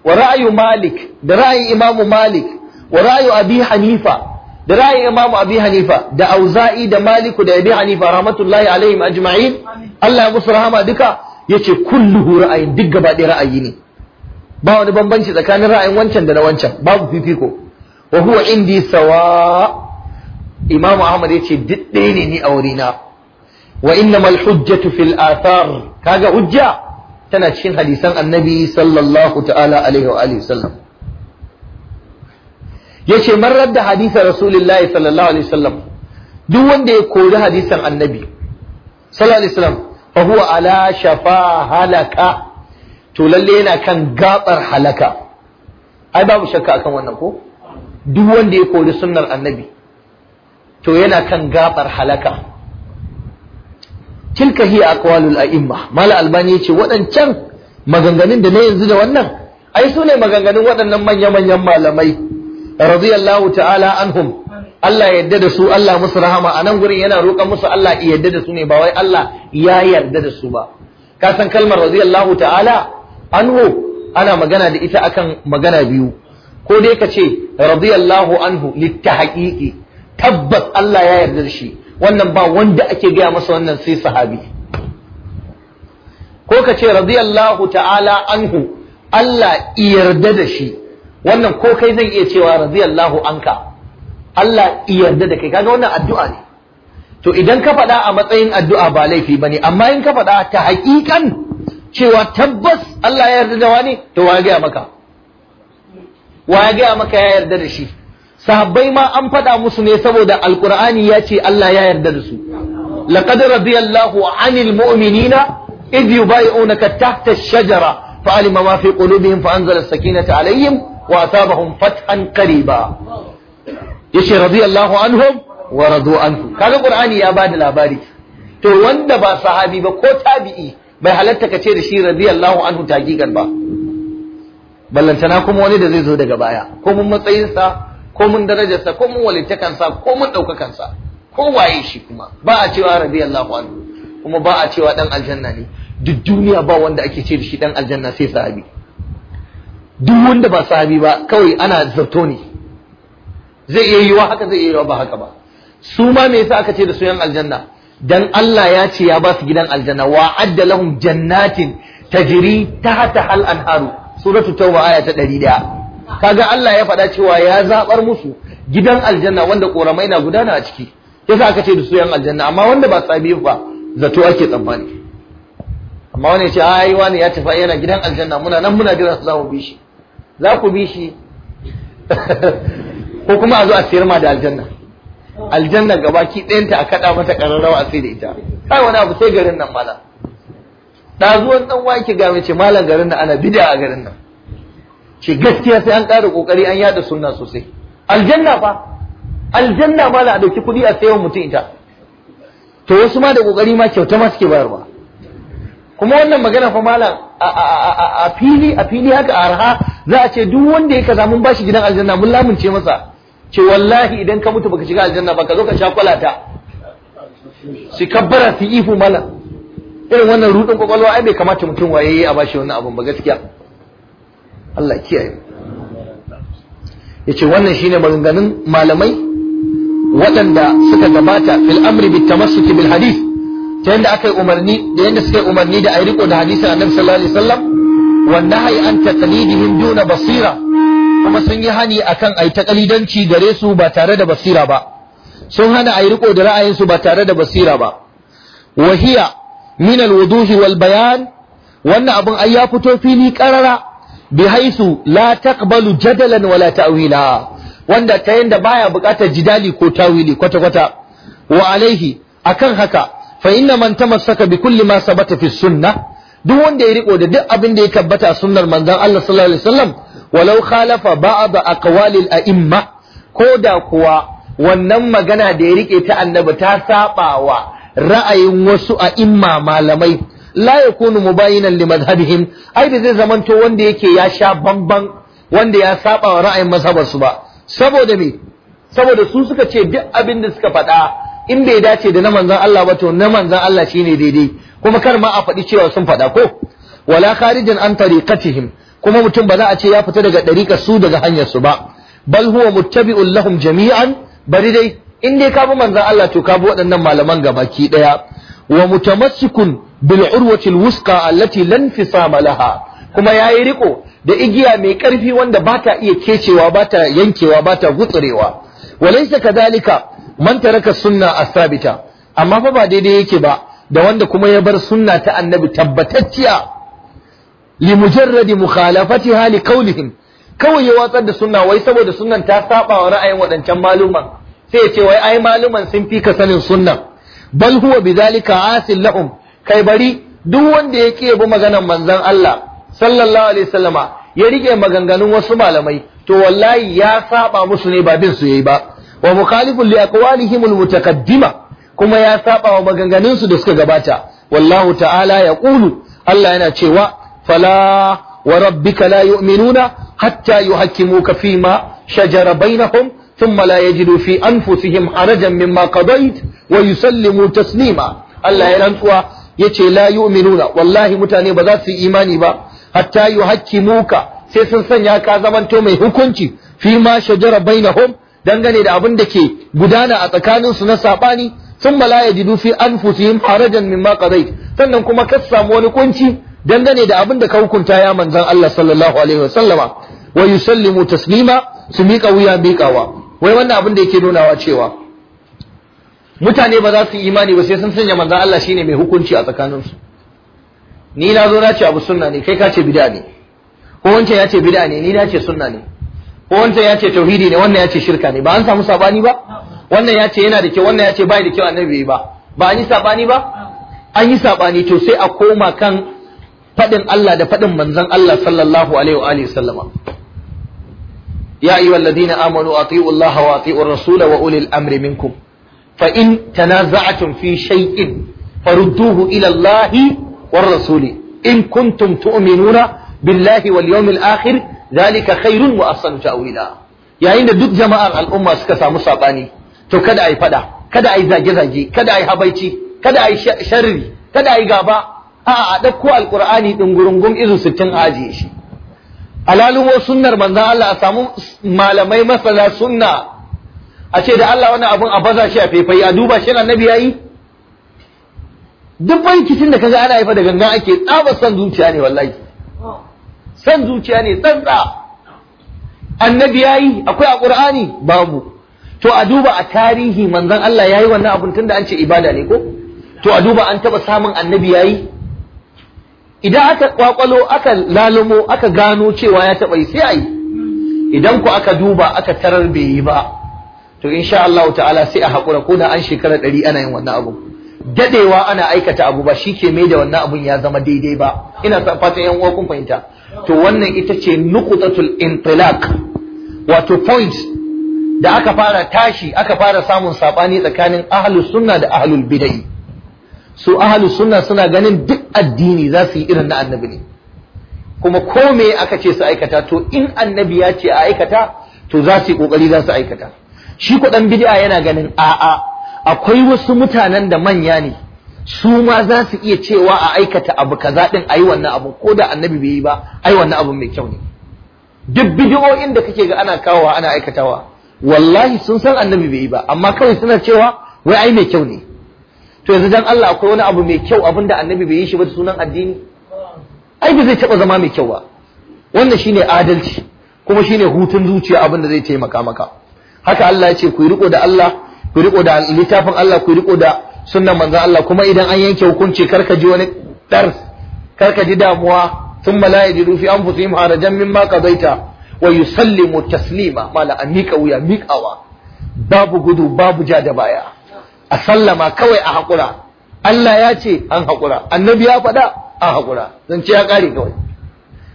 Speaker 1: wa ra'ayu malik da ra'ayin imamu malik wa ra'ayu abi hanifa da ra'ayin imamu abi hanifa da auza'i da maliku da abi hanifa rahmatullahi alaihim ajma'in Allah musu rahama duka yace kulluhu ra'ayin duk gaba ɗaya ra'ayi ne ba wani bambanci tsakanin ra'ayin wancan da na wancan babu fifiko wa huwa indi sawa Imam Ahmad ya ce duk ɗaya ne ni a wurina wa innamal hujjatu fil athar kaga hujja tana cikin hadisan annabi sallallahu ta'ala alaihi wa alihi sallam yace man radda hadisa rasulullahi sallallahu alaihi wasallam duk wanda ya kori hadisan annabi sallallahu alaihi wasallam fa huwa ala shafa halaka to lalle yana kan gabar halaka ai babu shakka akan wannan ko duk wanda ya kori sunnar annabi to yana kan gabar halaka tilka hiya aqwalul a'imma mala albani yace waɗancan maganganun da na yanzu da wannan ai su ne maganganun waɗannan manya-manyan malamai radiyallahu ta'ala anhum Allah ya yarda da su Allah musu rahama a nan gurin yana roƙa musu Allah ya yarda da su ne ba wai Allah ya yarda da su ba ka san kalmar radiyallahu ta'ala anhu ana magana da ita akan magana biyu ko dai ka ce radiyallahu anhu littahqiqi tabbas Allah ya yarda da shi wannan ba wanda ake gaya masa wannan sai sahabi ko ka ce radiyallahu ta'ala anhu Allah yarda da shi wannan ko kai zan iya cewa radiyallahu anka Allah yarda da kai kaga wannan addu'a ne to idan ka faɗa a matsayin addu'a ba laifi bane amma in ka faɗa ta haƙiƙan cewa tabbas Allah ya yarda da wani to wa ya gaya maka wa ya gaya maka ya yarda da shi sahabbai ma an faɗa musu ne saboda alkur'ani ya ce Allah ya yarda da su laqad radiyallahu anil mu'minina fa يبايعونك تحت الشجرة فعلم ما في قلوبهم فأنزل السكينة عليهم وأثابهم فتحا قريبا يشي رضي الله عنهم ورضوا عنه كان القرآن يا باد labari. to wanda ba sahabi ba ko tabi'i bai halatta kace ce da shi radiyallahu anhu tagigan ba ballantana kuma wani da zai zo daga baya ko mun matsayinsa ko mun darajarsa ko mun walittakansa ko mun ɗaukakansa ko waye shi kuma ba a cewa radiyallahu anhu kuma ba a cewa dan aljanna ne duk duniya ba wanda ake ce da shi dan aljanna sai sahabi duk wanda ba sahabi ba kawai ana zato ne zai iya yiwa haka zai iya yiwa ba haka ba su ma me yasa aka ce da su yan aljanna dan Allah ya ce ya ba su gidan aljanna wa adda lahum jannatin tajri tahta hal anharu suratu tauba aya ta 101 kaga Allah ya faɗa cewa ya zabar musu gidan aljanna wanda ƙoramai na gudana a ciki yasa aka ce da su yan aljanna amma wanda ba sabi ba zato ake tsammani amma wani ce ai wani ya tafi yana gidan aljanna muna nan muna jira za mu bi shi za ku bi shi ko kuma a zo a siyar ma da aljanna aljanna gaba ki ɗayanta a kaɗa mata ƙararrawa a sai da ita kai wani abu sai garin nan mala ɗazuwan ɗan wake ga mace malam garin nan ana bida a garin nan shi gaskiya sai an ƙara ƙoƙari an yada suna sosai aljanna fa aljanna ma na ɗauki kuɗi a sayan mutum ita to wasu ma da ƙoƙari ma kyauta ma suke bayarwa kuma wannan magana fa malam a fili a fili haka arha za a ce duk wanda ya kaza mun bashi gidan aljanna mun lamunce masa ce wallahi idan ka mutu baka shiga aljanna ba ka zo ka sha kwalata
Speaker 2: su kabbara
Speaker 1: fi ihu mala irin wannan rudin kwakwalwa ai bai kamata mutum waye a bashi wannan abun ba gaskiya Allah kiyaye yace wannan shine maganganun malamai waɗanda suka gabata fil amri bit tamassuki bil hadith ta yanda aka yi umarni da yanda suka yi umarni da ayi riko da hadisin annabi sallallahu alaihi wasallam na an taqlidihim duna basira kuma sun yi hani akan ayi taqlidanci gare su ba tare da basira ba sun hana ayi riko da ra'ayin su ba tare da basira ba wa hiya min al wuduhi wal bayan wannan abun ai ya fito fili karara bi haisu la taqbalu jadalan wala ta'wila wanda ta yanda baya bukatar jidali ko tawili kwata kwata wa alaihi akan haka fa inna man tamassaka bi kulli ma sabata fi sunnah duk wanda ya riko da duk abin da ya tabbata a sunnar manzon Allah sallallahu alaihi wasallam walau khalafa ba'd al a'imma ko da kuwa wannan magana da ya rike ta annabi ta wa ra'ayin wasu a'imma malamai la yakunu mubayinan li madhhabihim ai da zai zamanto wanda yake ya sha bamban wanda ya saba wa ra'ayin mazhabar su ba saboda me saboda su suka ce duk abin da suka faɗa in bai dace da na manzon Allah ba to na manzon Allah shine daidai kuma kar ma a faɗi cewa sun faɗa ko wala kharijan an tariqatihim kuma mutum ba za a ce ya fita daga ɗariƙar su daga hanyar su ba bal huwa muttabi'un lahum jami'an bari dai in dai ka bi manzon Allah to ka bi waɗannan malaman gabaki ɗaya wa mutamassikun bil urwatil wusqa allati lan fisama laha kuma yayi riƙo da igiya mai karfi wanda bata iya kecewa bata yankewa bata gutsurewa ka dalika man taraka sunna asabita amma fa ba daidai yake ba da wanda kuma ya bar sunna ta annabi tabbatacciya li mujarradi mukhalafatiha hali qawlihim kawai ya watsar da sunna wai saboda sunnan ta saba wa ra'ayin wadancan maluman sai ya ce wai ai maluman sun fi ka sanin sunnan bal huwa bidhalika asil lahum kai bari duk wanda ya ki yabi maganan manzon Allah sallallahu alaihi wasallama ya rike maganganun wasu malamai to wallahi ya saba musu ne ba bin su yayi ba wa mukhalifun li aqwalihim almutaqaddima kuma ya saba wa maganganun su da suka gabata wallahu ta'ala yaqulu Allah yana cewa fala wa rabbika la yu'minuna hatta yuhakkimuka fima shajara bainahum ثم لا يجدوا في أنفسهم حرجا مما قضيت wa yusallimu taslima Allah ya rantsuwa yace la yu'minuna wallahi mutane ba za su yi imani ba hatta yuhakkimuka sai sun sanya ka zamanto mai hukunci fi ma shajara bainahum dangane da abin da ke gudana a tsakaninsu na sabani sun la jidu fi anfusihim harajan mimma qadait sannan kuma ka samu wani kunci dangane da abin da ka hukunta ya manzon Allah sallallahu alaihi wasallama wa yusallimu taslima su miƙa wuya miƙawa wai wannan abin da yake nunawa cewa mutane ba za su yi imani ba sai sun sanya manzan Allah shi ne mai hukunci a tsakaninsu ni na zo na ce abu sunna ne kai ka ce bid'a ne ko wancan ya ce bid'a ne ni na ce sunna ne ko wancan ya ce tauhidi ne wannan ya ce shirka ne ba an samu sabani ba wannan ya ce yana da kyau wannan ya ce bai da kyau annabi ba ba an yi sabani ba an yi sabani to sai a koma kan faɗin Allah da faɗin manzan Allah sallallahu alaihi wa alihi sallama ya ayyuhal ladina amanu atiiu Allah wa atiiu ar-rasul wa ulil amri minkum fa in tanaza'atum fi shay'in farudduhu ila Allah war rasuli in kuntum tu'minuna billahi wal yawmil akhir zalika khairun wa ahsanu ta'wila yayin da duk jama'ar al'umma suka samu saɓani, to kada ai faɗa, kada ai zage zage kada ai habaici kada ai sharri kada ai gaba a'a a ɗauko ɗin gurin din gurungum izu 60 ajiye shi alalumo sunnar manzon Allah a samu malamai masala sunna a ce da Allah wani abun a baza shi a faifai a duba shi nabi yayi duk bankitin da kaga ana haifa da gangan ake tsaba san zuciya ne wallahi san zuciya ne tsantsa annabi yayi akwai a qur'ani babu to a duba a tarihi manzon Allah yayi wannan abun tunda an ce ibada ne ko to a duba an taba samun annabi yayi idan aka kwakwalo aka lalumo aka gano cewa ya taba yi sai ayi idan ku aka duba aka tarar bai yi ba to insha Allah ta'ala sai a haƙura ko da an shekara ɗari ana yin wannan abu dadewa ana aikata abu ba shi ke mai da wannan abun ya zama daidai ba ina fatan yan uwa kun fahimta to wannan ita ce nuqtatul intilaq wato point da aka fara tashi aka fara samun sabani tsakanin ahlus sunna da ahlul bid'ah su ahlus sunna suna ganin duk addini za su yi irin na annabi ne kuma ko me aka ce su aikata to in annabi ya ce a aikata to za su yi kokari za su aikata shi ko dan bid'a yana ganin a'a akwai wasu mutanen da manya ne su ma za su iya cewa a aikata abu kaza din ayi wannan abu ko da annabi bai yi ba ayi wannan abu mai kyau ne duk bid'o'in da kake ga ana kawowa ana aikatawa wallahi sun san annabi bai yi ba amma kawai suna cewa wai ai mai kyau ne to yanzu dan Allah akwai wani abu mai kyau abinda annabi bai yi shi ba sunan addini ai ba zai taba zama mai kyau ba wannan shine adalci kuma shine hutun zuciya abin da zai taimaka maka haka Allah ya ce ku riko da Allah ku riko da littafin Allah ku riko da sunnan manzon Allah kuma idan an yanke hukunci karka ji wani dar karka ji damuwa thumma la yajidu fi anfusihim harajan mimma qadaita wa yusallimu taslima mala mika wuya miƙawa babu gudu babu ja da baya a sallama kawai a haƙura Allah ya ce an haƙura annabi ya faɗa an haƙura zance ya ƙare kawai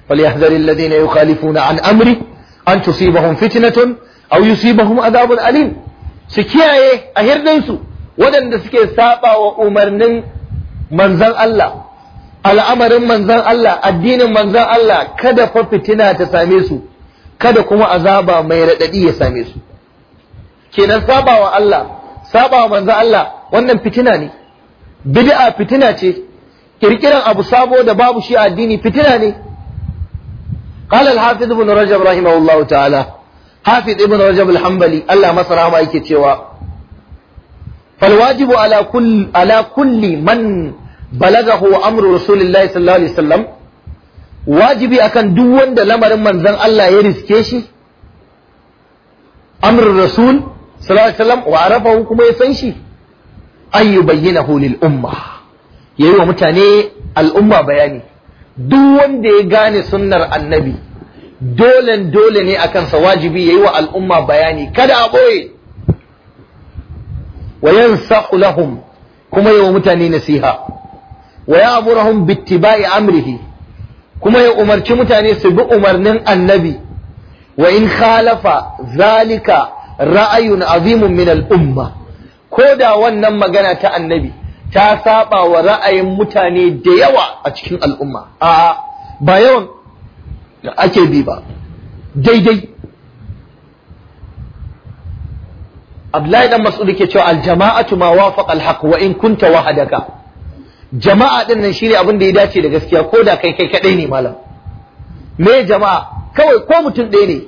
Speaker 1: فليحذر an amri, an tusi أن تصيبهم فتنة aw yusibahum adabun alim su kiyaye a hirdinsu waɗanda suke saba wa umarnin manzan Allah al'amarin manzan Allah addinin manzan Allah kada fa fitina ta same su kada kuma azaba mai raɗaɗi ya same su kenan saba wa Allah saba wa manzan Allah wannan fitina ne bid'a fitina ce kirkiran abu sabo da babu shi addini fitina ne قال الحافظ ابن رجب رحمه الله تعالى hafiz ibn rajab Allah masa rahama yake cewa fal ala kulli man balagahu akan duk wanda lamarin manzon Allah ya riske shi amrul rasul ya san shi an yubayyinahu lil umma yayi wa mutane al'umma bayani duk wanda ya gane sunnar annabi dolen dole ne a kansa wajibi ya yi wa al'umma bayani kada a ɓoye wa yansahu lahum kuma yi wa mutane nasiha wa ya aburahum bittiba'i amrihi kuma ya umarci mutane su bi umarnin annabi wa in khalafa zalika ra'ayun azimun min al'umma ko da wannan magana ta annabi ta saba wa ra'ayin mutane da yawa a cikin al'umma a'a ba yawan da ake bi ba daidai Abdullahi dan Mas'ud ke cewa aljama'atu ma wafaqa alhaq wa in kunta wahadaka jama'a din nan shine abin da ya dace da gaskiya ko da kai kai kadai ne malam me jama'a kawai ko mutum ɗaya ne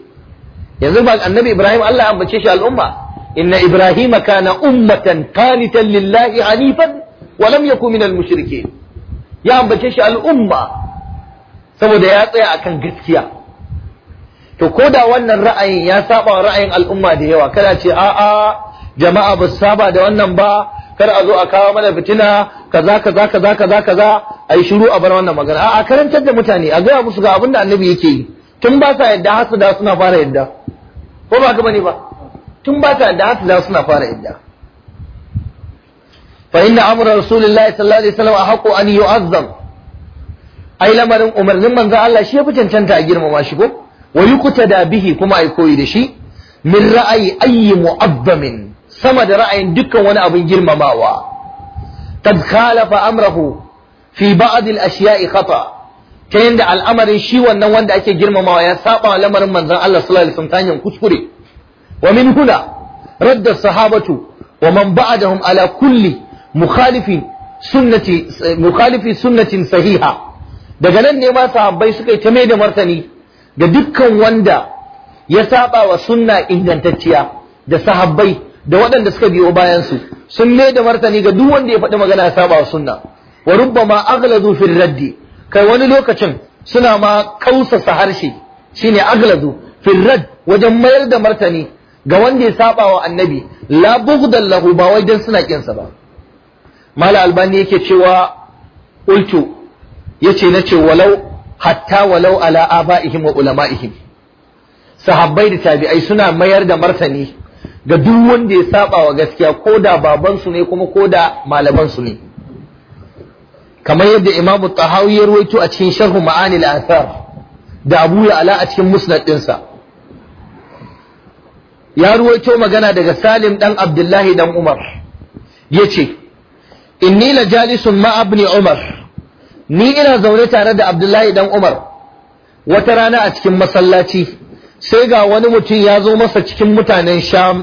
Speaker 1: yanzu ba annabi Ibrahim Allah ya ambace shi al'umma inna Ibrahim kana ummatan qanitan lillahi hanifan wa lam yakun minal mushrikeen ya ambace shi al'umma saboda ya tsaya akan gaskiya to ko da wannan ra'ayin ya saba ra'ayin al'umma da yawa kada ce a'a jama'a ba saba da wannan ba kar a zo a kawo mana fitina kaza kaza kaza kaza kaza a yi shiru a bar wannan magana a'a karantar da mutane a gaya musu ga abin da annabi yake yi tun ba sa yadda hasu da suna fara yadda ko ba ka bane ba tun ba sa yadda hasu da suna fara yadda fa inna amra rasulillahi sallallahu alaihi wasallam ahqqu an yu'azzam ai lamarin umarnin manzo Allah shi ya fi cancanta a girmama shi ko wa da bihi kuma ai koyi da shi min ra'ayi ayyi mu'abbamin sama da ra'ayin dukkan wani abin girmamawa qad khalafa amrahu fi ba'd al-ashiya'i khata ta yanda al'amarin shi wannan wanda ake girmamawa ya saba lamarin manzon Allah sallallahu alaihi wasallam kuskure wa min huna radda sahabatu wa man ba'dahum ala kulli mukhalifin sunnati mukhalifi sunnatin sahiha daga nan ne ma sahabbai suka yi ta mai da martani ga dukkan wanda ya saba wa sunna ingantacciya da sahabbai da waɗanda suka biyo bayan su sun mai da martani ga duk wanda ya faɗi magana ya saba wa sunna wa rubbama aghladu fil raddi kai wani lokacin suna ma kausasa harshe shine aghladu fil radd wajen mayar da martani ga wanda ya saba wa annabi la bughdan lahu ba wai dan suna kinsa ba mala albani yake cewa ultu yace nace walau hatta walau ala abaihim wa ulama'ihim sahabbai da tabi'ai suna mayar da martani ga duk wanda ya saba wa gaskiya ko da babansu ne kuma ko da malamansu ne kamar yadda imamu tahawi ya ruwaito a cikin sharhu ma'ani al-athar da abu ya ala a cikin musnad dinsa ya ruwaito magana daga salim dan abdullahi dan umar yace inni la jalisun ma abni umar ni ina zaune tare da abdullahi dan umar wata rana a cikin masallaci sai ga wani mutum ya zo masa cikin mutanen sham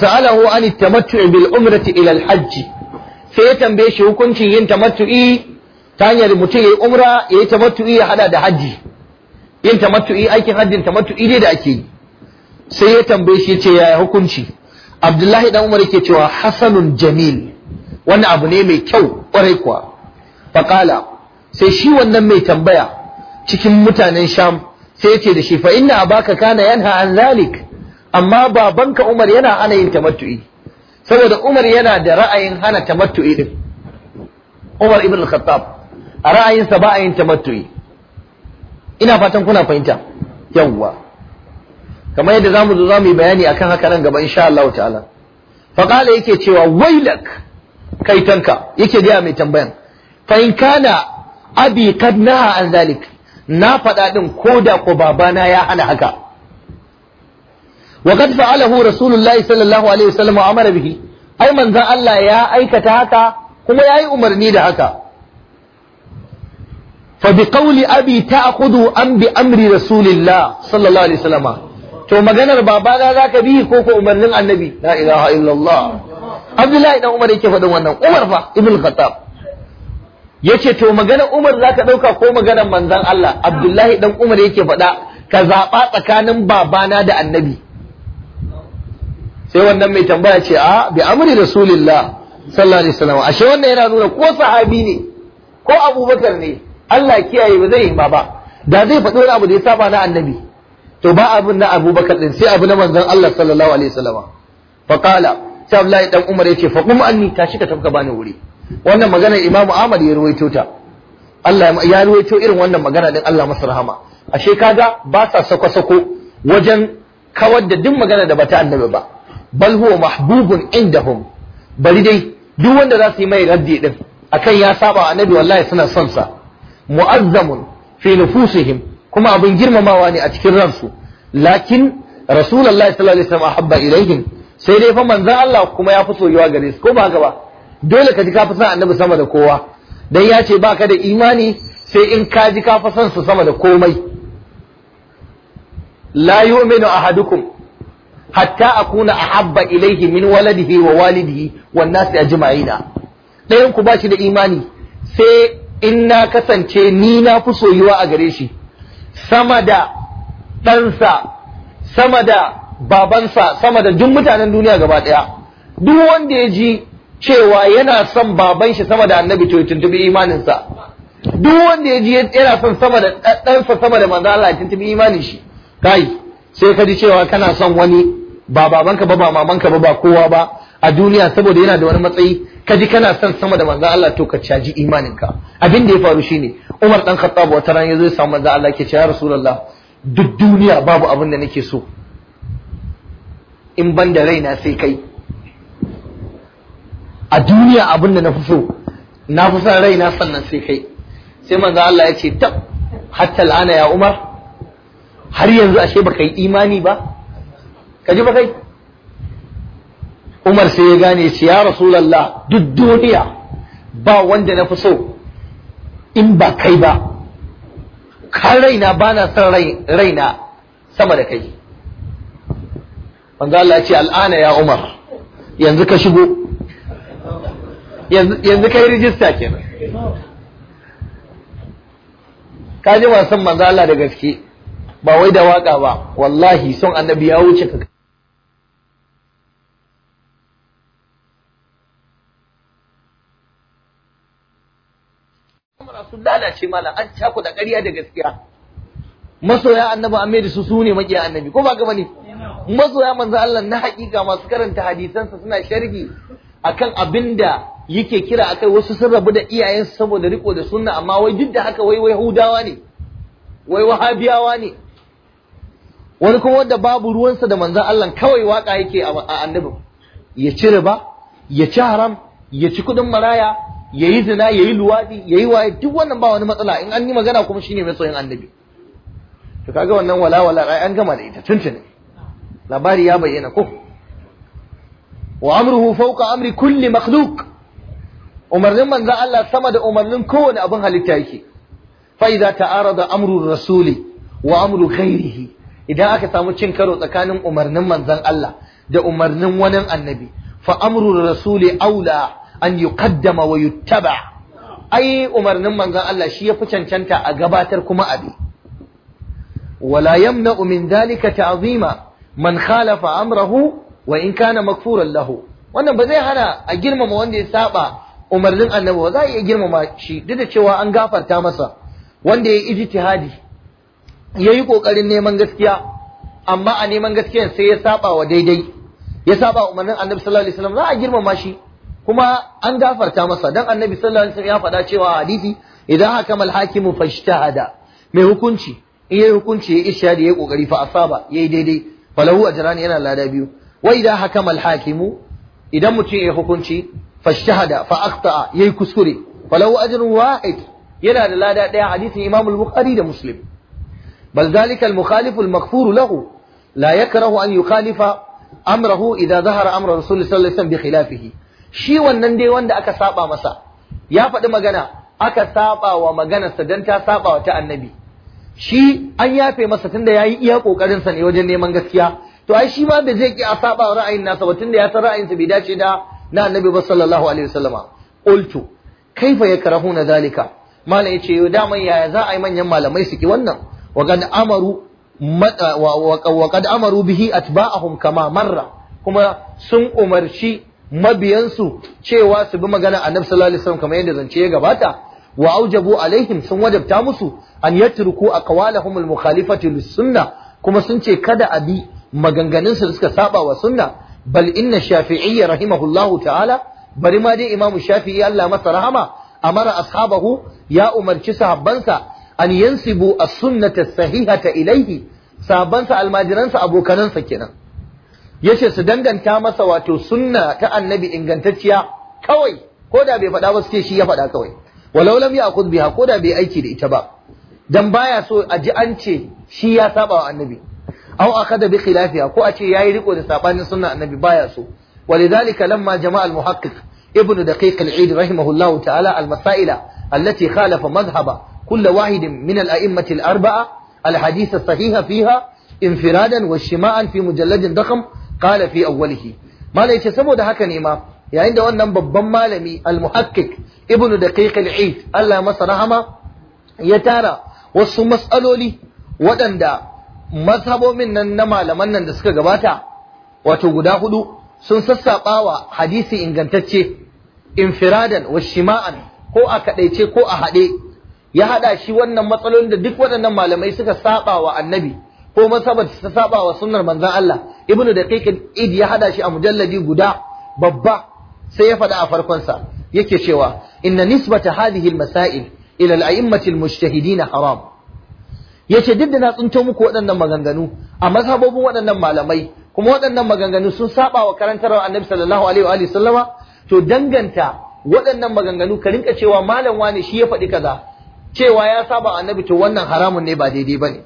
Speaker 1: sa'alahu an tamattu bil umrati ila al hajj sai ya tambaye shi hukuncin yin tamattu'i ta hanyar mutum yayi umra yayi tamattu'i ya hada da hajji. yin tamattu'i aikin hajjin tamattu'i ne da ake yi sai ya tambaye shi ce yaya hukunci abdullahi dan umar yake cewa hasanun jamil wani abu ne mai kyau kwarai kuwa faƙala sai shi wannan mai tambaya cikin mutanen sham sai yace da shi fa inna abaka kana yanha an zalik amma babanka umar yana ana yin tamattu'i saboda umar yana da ra'ayin hana tamattu'i din umar ibn al-khattab a ra'ayinsa ba a yin tamattu'i ina fatan kuna fahimta yawwa kamar yadda zamu zo zamu yi bayani akan haka nan gaba insha Allah ta'ala faqala yake cewa wailak kaitanka yake ga mai tambayan fa in kana abi kad na an zalik na faɗa ɗin ko da ko babana ya hana haka wa kad fa'alahu rasulullahi sallallahu alaihi wasallam wa bihi ai manzon Allah ya aikata haka kuma yayi umarni da haka fa bi qawli abi ta'khudhu an bi amri rasulillah sallallahu alaihi wasallam to maganar babana zaka bi ko ko umarnin annabi la ilaha illallah abdullahi dan umar yake faɗin wannan umar fa ibn khattab yace to maganar Umar zaka dauka ko maganar manzon Allah Abdullahi dan Umar yake faɗa ka zaɓa tsakanin babana da annabi sai wannan mai tambaya ce a bi amri rasulillah sallallahu alaihi wasallam ashe wannan yana nuna ko sahabi ne ko abubakar ne Allah kiyaye ba zai yi ba da zai faɗi wani abu da ya saba na annabi to ba abin na abubakar din sai abu na manzon Allah sallallahu alaihi wasallam fa qala sai Abdullahi dan Umar yace fa qum anni tashi ka tafka bani wuri wannan maganar imamu ahmad ya ruwaito ta Allah ya ruwaito irin wannan magana din Allah masa rahama ashe kaga ba sa sako-sako wajen kawar da duk magana da bata annabi ba bal huwa mahbubun indahum bari dai duk wanda za su yi mai raddi din akan ya saba annabi wallahi suna son sa mu'azzamun fi nufusihim kuma abin girmamawa ne a cikin ransu lakin rasulullahi sallallahu alaihi wasallam ahabba ilaihim sai dai fa manzon Allah kuma ya fi soyuwa gare su ko ba haka ba dole ka ji ka fi annabi sama da kowa dan ya ce baka da imani sai in ka ji ka fi su sama da komai la yu'minu ahadukum hatta akuna ahabba ilayhi min waladihi wa walidihi wan nasi ajma'ina dayan ku ba shi da imani sai in na kasance ni na fi soyuwa a gare shi sama da ɗansa sama da babansa sama da duk mutanen duniya gaba ɗaya duk wanda ya ji cewa yana son baban shi sama da annabi to tuntubi imanin imaninsa duk wanda ya ji yana son sama da sa sama da manzo Allah tuntubi imanin shi kai sai ka ji cewa kana son wani ba babanka ba ba mamanka ba ba kowa ba a duniya saboda yana da wani matsayi ka ji kana son sama da manzo Allah to ka caji imanin ka abin da ya faru shine Umar dan Khattab wata ran yazo ya samu manzo Allah ke cewa Rasulullah duk duniya babu abin da nake so in ban da raina sai kai a duniya abin da na fi so na fi son raina sannan sai kai sai manzo Allah ya ce tab hatta al'ana ya Umar har yanzu ashe baka yi imani ba ka ji ba kai Umar sai ya gane shi ya Rasulullah duk duniya ba wanda na fi so in ba kai ba kan raina ba na son raina sama da kai manzo Allah ya ce al'ana ya Umar yanzu ka shigo yanzu kai rijista kenan ka ji wasan manzo Allah da gaske ba wai da waka ba wallahi son annabi ya wuce ka sun lalace mala an cako da ƙarya da gaskiya masoya annabi amma da su sune makiya annabi ko ba ga bane masoya manzo Allah na hakika masu karanta hadisansa suna sharhi akan abinda yake kira akai wasu sun rabu da iyayensu saboda riko da sunna amma wai duk da haka wai wai hudawa ne wai wahabiyawa ne wani kuma wanda babu ruwansa da manzan Allah kawai waka yake a annabin ya ci riba ya ci haram ya ci kudin maraya ya yi zina ya yi luwaɗi ya yi waye duk wannan ba wani matsala in an yi magana kuma shine mai tsoyin annabi to kaga wannan wala wala ai an gama da ita tuntuni labari ya bayyana ko wa amruhu fawqa amri kulli makhluq umarnin manzan Allah sama da umarnin kowane abin halitta yake Faiza idza ta'arada amru rasuli wa amru ghairihi idan aka samu cin karo tsakanin umarnin manzon Allah da umarnin wani annabi fa amru rasuli aula an yuqaddama wa yuttaba ai umarnin manzon Allah shi yafi cancanta a gabatar kuma a abi wala yamna min dhalika ta'zima man khalafa amrahu wa in kana makfuran lahu wannan ba zai hana a girmama wanda ya saba umarnin annabi ba za a iya girmama shi duk da cewa an gafarta masa wanda ya yi ijtihadi ya yi kokarin neman gaskiya amma a neman gaskiya sai ya saba wa daidai ya saba umarnin annabi sallallahu alaihi wasallam za a girmama shi kuma an gafarta masa dan annabi sallallahu alaihi wasallam ya faɗa cewa hadisi idan hakama al-hakimu fashtahada mai hukunci in yayi hukunci ya ishadi ya kokari fa asaba yayi daidai falahu ajran yana lada biyu Wai da hakama al-hakimu idan mutum ya hukunci fashahada fa akhta'a yayi kuskure Falau ajrun wahid yana da lada ɗaya, hadisin imamul al-Bukhari da Muslim bal zalika al-mukhalif lahu la yakrahu an yukhalifa amrahu idan zahara amru rasul sallallahu alaihi wasallam bi khilafihi shi wannan dai wanda aka saba masa ya faɗi magana aka saba wa maganarsa dan ta saba wa ta annabi shi an yafe masa tunda yayi iya kokarin sa ne wajen neman gaskiya to ai shi ma bai zai ki a saba ra'ayin nasa ba tunda ya san ra'ayinsa bai dace da na annabi ba sallallahu alaihi wasallama qultu kaifa yakrahuna zalika malam yace man yaya za a yi manyan malamai ki wannan wa kad amaru wa kad amaru bihi atba'ahum kama marra kuma sun umarci mabiyansu cewa su bi magana annabi sallallahu alaihi wasallam kamar yadda zance ya gabata wa aujabu alaihim sun wajabta musu an yatruku aqwalahum al-mukhalifati lis-sunnah kuma sun ce kada a bi Maganganunsu da suka saba wa sunna bal inna shafi'iyya rahimahullahu ta'ala bari ma dai imamu shafi'i Allah masa rahama amara ashabahu ya umarci sahabbansa an yansibu as-sunnata sahihata ilaihi sahabbansa almajiransa abokanansa kenan yace su danganta masa wato sunna ta annabi ingantacciya kawai ko da bai faɗa ba su ce shi ya faɗa kawai walau lam ya'khudh biha ko da bai aiki da ita ba dan baya so a ji an ce shi ya saba wa annabi aw akada bi lafiya ko a ce ya yi riko da saɓanin sunna annabi baya so walidhalika lamma jama'a al-muhaqqiq ibnu daqiq al-eid rahimahullahu ta'ala al-masaila allati khalafa mazhaba kulla wahidin minal al-a'immati al-arba'a al-hadith as-sahiha fiha infiradan wa shima'an fi mujalladin dakham qala fi awwalihi mala saboda haka ne ma yayin da wannan babban malami al-muhaqqiq ibnu daqiq al Allah masa rahama ya tara wasu mas'aloli waɗanda mazhabomin nan na malaman nan da suka gabata wato guda hudu sun sassaɓa wa hadisi ingantacce infiradan wa shima'an ko a kaɗaice ko a haɗe ya haɗa shi wannan matsalolin da duk waɗannan malamai suka saɓa wa annabi ko masabar ta saɓa wa sunnar manzan Allah ibnu da id ya haɗa shi a mujalladi guda babba sai ya faɗa a farkonsa yake cewa inna nisbata hadhihi al-masail ila al-a'immati al-mujtahidin haram yace duk da na tsinto muku waɗannan maganganu a mazhabobin waɗannan malamai kuma waɗannan maganganu sun saba wa karantarwar annabi sallallahu alaihi wa alihi sallama to danganta waɗannan maganganu ka rinka cewa malam wane shi ya faɗi kaza cewa ya saba annabi to wannan haramun ne ba daidai bane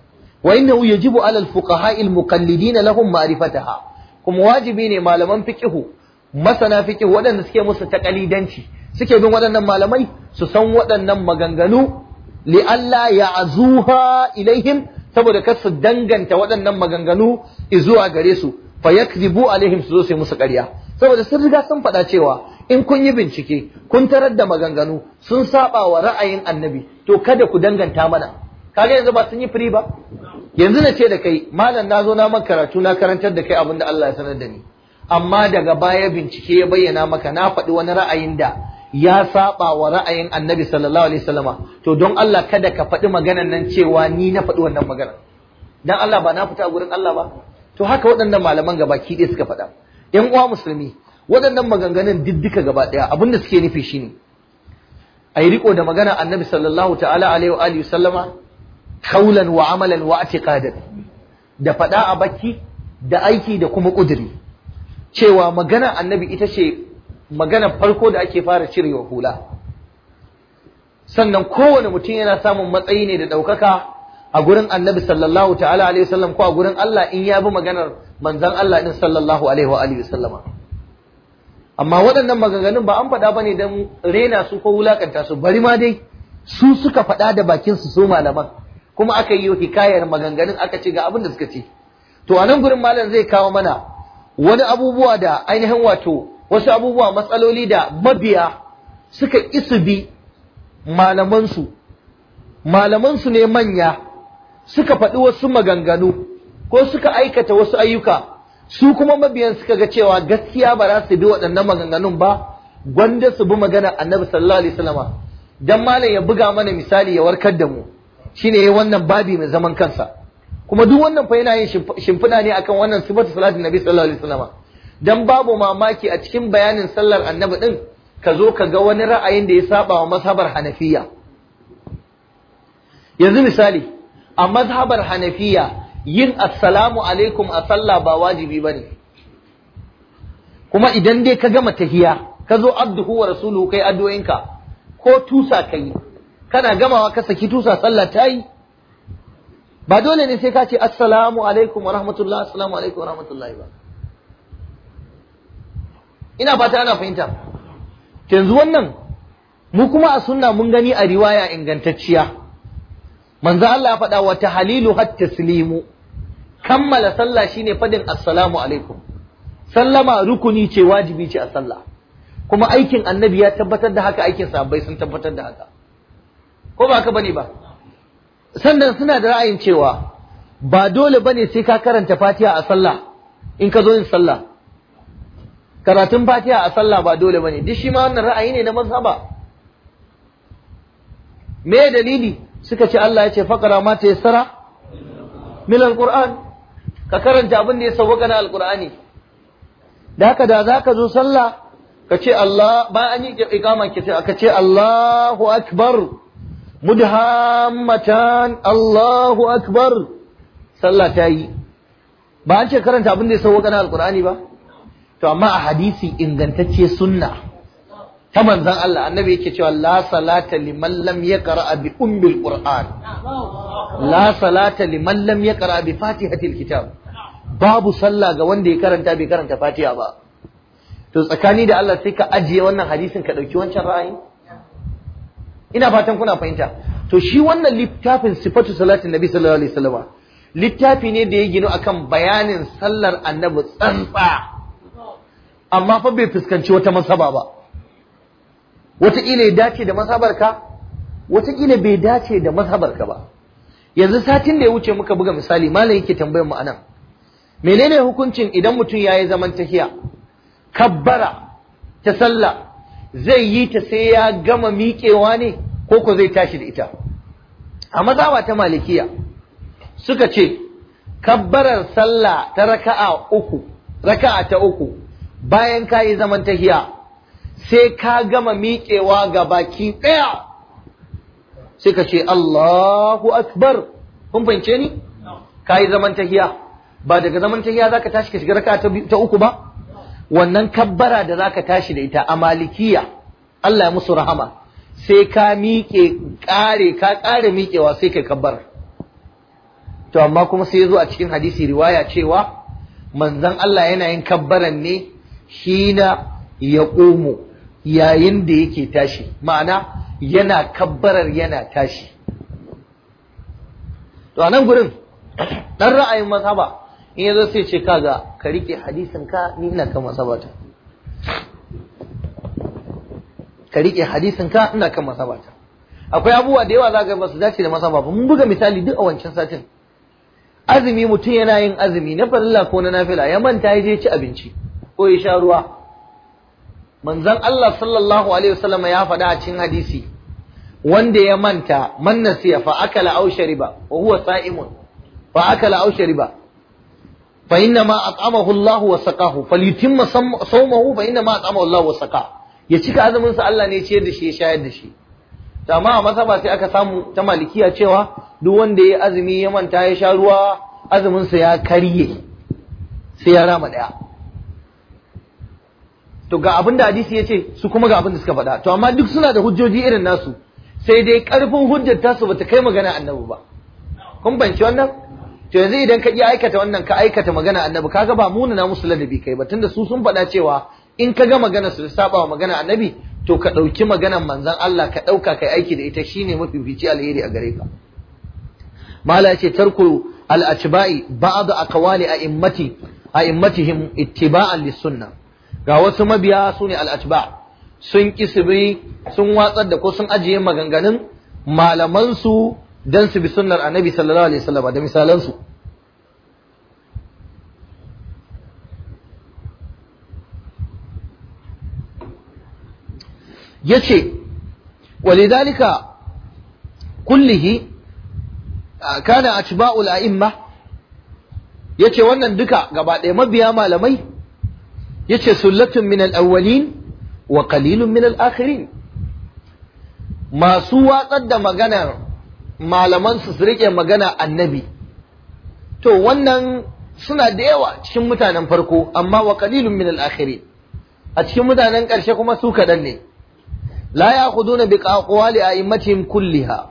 Speaker 1: wa innahu yajibu alal alfuqaha almuqallidin lahum ma'rifataha kuma wajibi ne malaman fiqhu masana fiqhu waɗanda suke musu takalidanci suke bin waɗannan malamai su san waɗannan maganganu li'alla ya'zuha ilaihim saboda kar su danganta waɗannan maganganu zuwa gare su fa yakdibu alaihim su zo su musu ƙarya saboda sun riga sun faɗa cewa in kun yi bincike kun tarar da maganganu sun saba wa ra'ayin annabi to kada ku danganta mana kaga yanzu ba sun yi firi ba yanzu na ce da kai malam na zo na man karatu na karantar da kai abin da Allah ya sanar da ni amma daga baya bincike ya bayyana maka na faɗi wani ra'ayin da ya saba wa ra'ayin annabi sallallahu alaihi wasallama to don Allah kada ka faɗi maganan nan cewa ni na faɗi wannan magana. dan Allah ba na fita a gurin Allah ba to haka waɗannan malaman gabaki ɗaya suka faɗa ƴan uwa musulmi waɗannan maganganun diddika gaba ɗaya abin da suke nufi shine a yi riko da magana annabi sallallahu ta'ala alaihi wa alihi sallama kaulan wa amalan wa atiqadan da fada a baki da aiki da kuma kuduri cewa magana annabi ita ce maganar farko da ake fara wa hula sannan kowane mutum yana samun matsayi ne da ɗaukaka a gurin annabi sallallahu ta'ala alaihi wasallam ko a gurin Allah in ya bi maganar manzan Allah din sallallahu alaihi wa alihi wasallama amma waɗannan maganganun ba an faɗa ba ne don rena su ko wulakanta su bari ma dai su suka faɗa da bakin su su malaman kuma aka yi hikayar maganganun aka ce ga abin da suka ce to a nan gurin malam zai kawo mana wani abubuwa da ainihin wato wasu abubuwa matsaloli da mabiya suka isu bi malamansu malamansu ne manya suka faɗi wasu maganganu ko suka aikata wasu ayyuka su kuma mabiyan suka ga cewa gaskiya ba za su bi waɗannan maganganun ba gwanda su bi magana annabi sallallahu alaihi wasallama dan malam ya buga mana misali ya warkar da mu shine yayin wannan babi mai zaman kansa kuma duk wannan fa yana yin shimfiɗa ne akan wannan sifatu salatin nabi sallallahu alaihi wasallama dan babu mamaki a cikin bayanin sallar annabi din ka zo ka ga wani ra'ayin da ya saba wa mazhabar hanafiya yanzu misali a mazhabar hanafiya yin assalamu alaikum a sallah ba wajibi ba ne. kuma idan dai ka gama tahiya ka zo abduhu wa rasuluhu kai addu'o'inka ko tusa kai kana gamawa ka saki tusa sallah ta yi ba dole ne sai ka ce assalamu alaikum wa rahmatullah assalamu alaikum wa rahmatullahi ba ina fata ana fahimta yanzu wannan mu kuma a sunna mun gani a riwaya ingantacciya manzo Allah ya faɗa wa tahlilu hatta taslimu kammala sallah shine fadin assalamu alaikum sallama rukuni ce wajibi ce a sallah kuma aikin annabi ya tabbatar da haka aikin sahabbai sun tabbatar da haka ko ba haka bane ba sannan suna da ra'ayin cewa ba dole bane sai ka karanta fatiha a sallah in ka zo yin sallah karatun fatiha a sallah ba dole bane duk shi ma wannan ra'ayi ne na mazhaba me dalili suka ce Allah ya ce faqara ma yassara? min alquran ka karanta abin da ya sauka na alqurani da haka da zaka zo sallah ka ce Allah ba an yi ikama ke ka ce Allahu akbar mudhammatan Allahu akbar sallah ta yi ba an ce karanta abin da ya sauka na alqurani ba to amma a hadisi ingantacce sunna
Speaker 2: ta manzon Allah annabi yake
Speaker 1: cewa la salata liman lam yaqra bi ummil qur'an la salata liman lam yaqra bi fatihatil kitab babu sallah ga wanda ya karanta bai karanta fatiha ba to tsakani da Allah sai ka ajiye wannan hadisin ka dauki wancan ra'ayi ina fatan kuna fahimta to shi wannan littafin sifatu salatin nabi sallallahu alaihi wasallam littafi ne da ya gino akan bayanin sallar annabi tsantsa amma fa bai fuskanci wata masaba ba wataƙila ya dace da masabarka wataƙila bai dace da masabarka ba yanzu satin da ya wuce muka buga misali malam yake tambayar mu anan menene hukuncin idan mutum ya yi zaman tahiya kabbara ta sallah zai yi ta sai ya gama miƙewa ne ko ko zai tashi da ita a mazaba ta malikiya suka ce kabbarar sallah ta raka'a uku raka'a ta uku bayan ka yi zaman tahiya sai ka gama miƙewa ga baki ɗaya sai ka ce Allahu Akbar kun fahimce ni ka yi zaman tahiya ba daga zaman tahiya ka tashi ka shiga raka ta uku ba wannan kabbara da za ka tashi da ita a malikiya Allah ya musu rahama sai ka miƙe ƙare ka ƙare miƙewa sai ka kabbar to amma kuma sai ya zo a cikin hadisi riwaya cewa manzon Allah yana yin kabbaran ne hina ya ƙomo yayin da yake tashi ma'ana yana kabbarar yana tashi to a nan gurin ɗan ra'ayin masaba in ya sai ce ga, ka riƙe hadisin ka ni ina kan ka riƙe hadisin ka ina kan mazhabata akwai abubuwa da yawa za ga basu dace da masaba mun buga misali duk a wancan satin azumi mutum yana yin azumi na farilla ko na nafila ya manta ya je ci abinci ko ya sha ruwa manzon Allah sallallahu alaihi wasallam ya faɗa a cikin hadisi wanda ya manta manna siya. fa akala aw wa huwa sa'imun fa inna ma Allah wa fa inna ma Allah wa ya cika azuminsa Allah ne ya ciyar da shi ya shayar da shi to amma a masaba sai aka samu ta malikiya cewa duk wanda ya azumi ya manta ya sha ruwa azuminsa ya karye sai ya rama ɗaya. to ga abin da hadisi ya ce su kuma ga abin da suka faɗa to amma duk suna da hujjoji irin nasu sai dai ƙarfin hujjar tasu bata kai magana annabi ba kun banci wannan to yanzu idan ka iya aikata wannan ka aikata magana annabi kaga ba muna na musu ladabi kai ba tunda su sun faɗa cewa in ka ga magana su saba wa magana annabi to ka ɗauki maganar manzon Allah ka ɗauka kai aiki da ita shine fici alheri a gare ka mala ce tarku al-atba'i ba'd aqwali a a'immatihim ittiba'an lis ga wasu mabiya su ne al’ajba sun ƙi sun watsar da ko sun ajiye maganganun malamansu don su bi sunnar annabi sallallahu alaihi wasallam da misalansu Ya yace walidalika kullihi kana atba'ul a'imma ce wannan duka gaba ɗaya mabiya malamai yace sullatun min al-awwalin wa qalilun min al-akhirin masu watsar da maganar malaman su su rike magana annabi to wannan suna da yawa cikin mutanen farko amma wa qalilun min al-akhirin a cikin mutanen ƙarshe kuma su kaɗan ne la ya'khuduna bi aqwali a'immatihim kulliha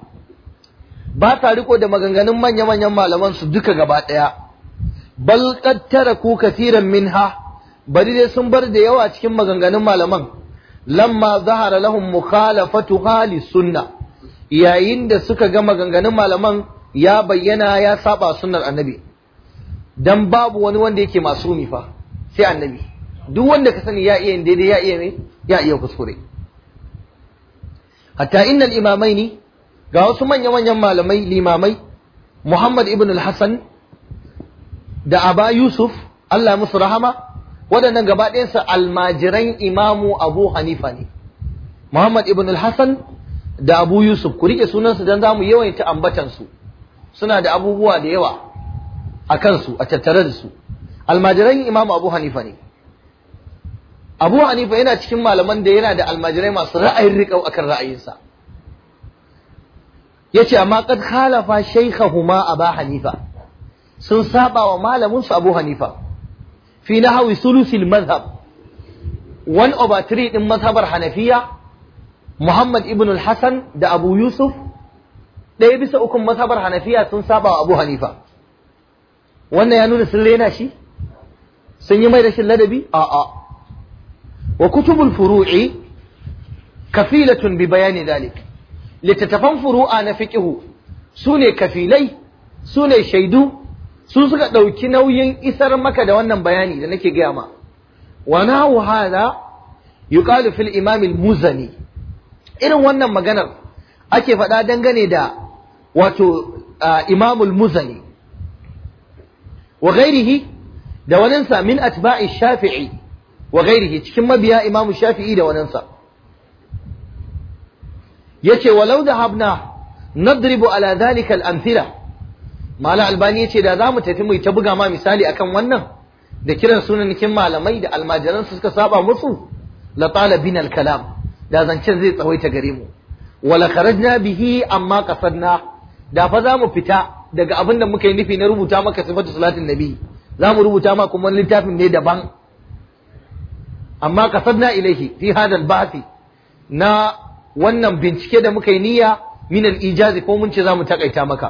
Speaker 1: ba ta riko da maganganun manya-manyan malaman su duka gaba ɗaya bal qad taraku katiran minha bari dai sun bar da yawa cikin maganganun malaman lamma zahara lahum mukhalafatu hali sunna yayin da suka ga maganganun malaman ya bayyana ya saba sunnar annabi dan babu wani wanda yake masumi fa sai annabi duk wanda ka sani ya iya daidai ya iya ne ya iya kuskure hatta innal imamaini ga wasu manya-manyan malamai limamai Muhammad ibn al-Hassan da Aba Yusuf Allah musu rahama waɗannan gaba ɗayansa almajiran imamu abu hanifa ne muhammad ibn al-hasan da abu yusuf ku rike sunansu don zamu yawaita ambatansu suna da abubuwa da yawa a kansu a tattare da su almajiran imamu abu hanifa ne abu hanifa yana cikin malaman da yana da almajirai masu ra'ayin riƙau akan ra'ayinsa ya ce amma kad khalafa shaikhahuma abu hanifa sun saba wa malaminsu abu hanifa fi nahwi sulusil mazhab 1 over 3 ɗin mazhabar hanafiya Muhammad ibn al hassan da Abu Yusuf ɗaya bisa ukun mazhabar hanafiya sun saba wa Abu Hanifa wannan ya nuna sun rena shi sun yi mai rashin ladabi a'a wa kutubul furu'i kafilatun bi bayani dalik littattafan furu'a na fiqihu sune kafilai sune shaidu su suka ɗauki nauyin isar maka da wannan bayani da nake gaya ma wa nahu hada yuqalu fil imam al-muzani irin wannan maganar ake faɗa dangane da wato imam al-muzani wa ghairihi da waninsa min atba'i shafi'i wa ghairihi cikin mabiya imam shafi'i da waninsa yace walau da habna nadribu ala dhalika al-amthila mala albani ya ce da za mu tafi mu ta buga ma misali akan wannan da kiran sunan nikin malamai da almajiran su suka saba musu la talabin al kalam da zancen zai tsawaita gare mu wala kharajna bihi amma qasadna da fa za mu fita daga abin da muka yi nufi na rubuta maka sifatu salatin nabi za mu rubuta maka kuma littafin ne daban amma qasadna ilaihi fi hada al ba'thi na wannan bincike da muka yi niyya min al ijazi ko mun ce za mu takaita maka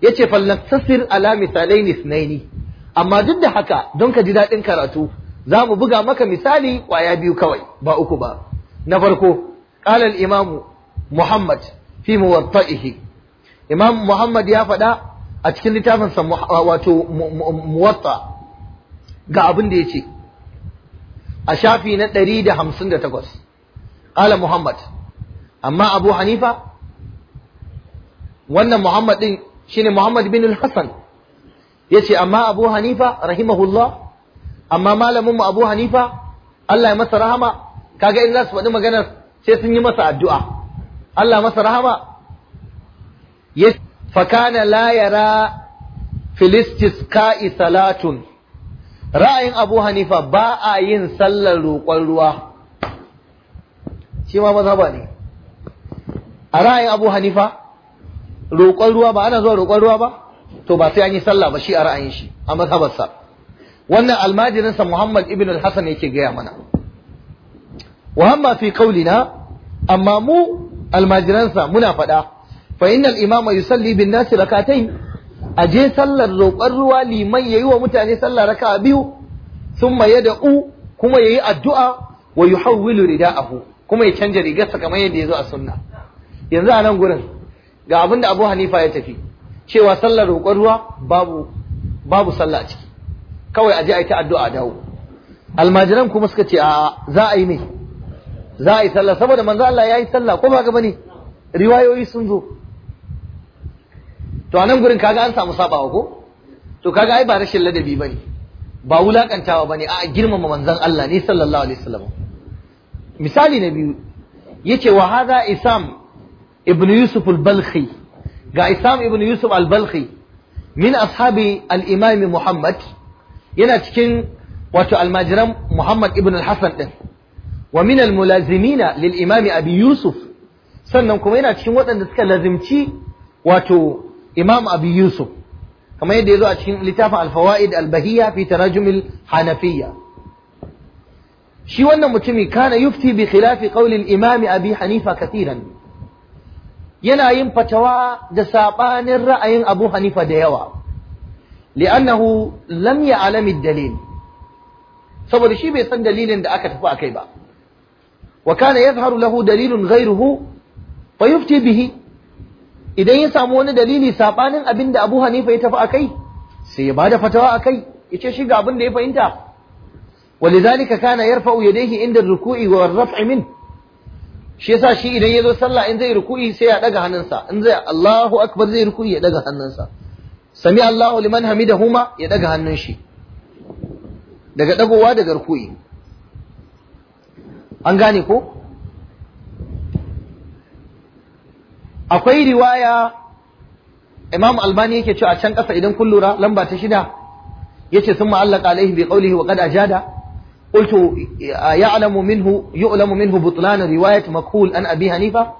Speaker 1: yace falnastasir ala misalaini sunaini amma duk da haka don ka ji daɗin karatu za mu buga maka misali waya biyu kawai ba uku ba na farko qala al imamu muhammad fi muwatta'ihi imam muhammad ya faɗa a cikin littafinsa wato muwatta ga abin da yace a shafi na takwas, qala muhammad amma abu hanifa wannan muhammad din shine Muhammad bin al-Hasan yace amma Abu Hanifa rahimahullah amma malamin mu Abu Hanifa Allah ya masa rahama kaga in za su faɗi maganar sai sun yi masa addu'a Allah masa rahama ya fakana la yara ka'i salatun ra'ayin Abu Hanifa ba a yin sallar roƙon ruwa shi ma mazhaba ne a ra'ayin Abu Hanifa roƙon ruwa ba ana zuwa roƙon ruwa ba to ba sai an yi sallah ba shi a ra'ayin shi a mazhabarsa wannan almajirinsa Muhammad ibn al-Hasan yake gaya mana wa hamma fi qawlina amma mu almajiransa muna faɗa fa innal imama yusalli bin nasi A aje sallar roƙon ruwa liman yayi wa mutane sallah raka'a biyu thumma yad'u kuma yayi addu'a wa yuhawwilu rida'ahu kuma ya canja rigarsa kamar yadda zo a sunna yanzu a nan gurin ga abin da Abu Hanifa ya tafi cewa sallar roƙon ruwa babu babu sallah a ciki kawai aje a yi ta addu'a dawo almajiran kuma suka ce a za a yi ne za a yi sallah saboda manzo Allah ya yi sallah ko ba ga bane riwayoyi sun zo to anan gurin kaga an samu sabawa ko to kaga ai ba rashin ladabi bane ba wulakantawa bane a girmama manzon Allah ne sallallahu alaihi wasallam misali na biyu yace wa hadha isam ابن يوسف البلخي قائسام ابن يوسف البلخي من أصحاب الإمام محمد ينا ينتكن واتو المجرم محمد ابن الحسن ومن الملازمين للإمام أبي يوسف سننكم ينتكن وطن دسك لازمتي وتو إمام أبي يوسف كما يدعو أتكن لتافع الفوائد البهية في تراجم الحنفية شيوانا متمي كان يفتي بخلاف قول الإمام أبي حنيفة كثيراً yana yin fatawa da saɓanin ra'ayin Abu Hanifa da yawa li'annahu lam ya'lami dalil saboda shi bai san dalilin da aka tafi akai ba wa kana yadhharu lahu dalilun zai fa yufti bihi idan ya samu wani dalili saɓanin abin da Abu Hanifa ya tafi akai sai ya bada fatawa akai yace shi ga abin da ya fahimta kana كان يرفع inda ruku'i الركوع والرفع min? shi yasa shi idan ya zo sallah in zai ruku'i sai ya daga hannunsa in zai Allahu akbar zai ruku'i ya daga hannunsa sami Allahu liman huma ya daga hannun shi daga dagowa daga ruku'i an gane ko akwai riwaya Imam Albani yake cewa a can ƙasa idan kun lura lamba ta shida yace sun ma'allaka alaihi bi qawlihi wa qad ajada قلت يعلم منه يؤلم منه بطلان رواية مكهول أن أبي حنيفة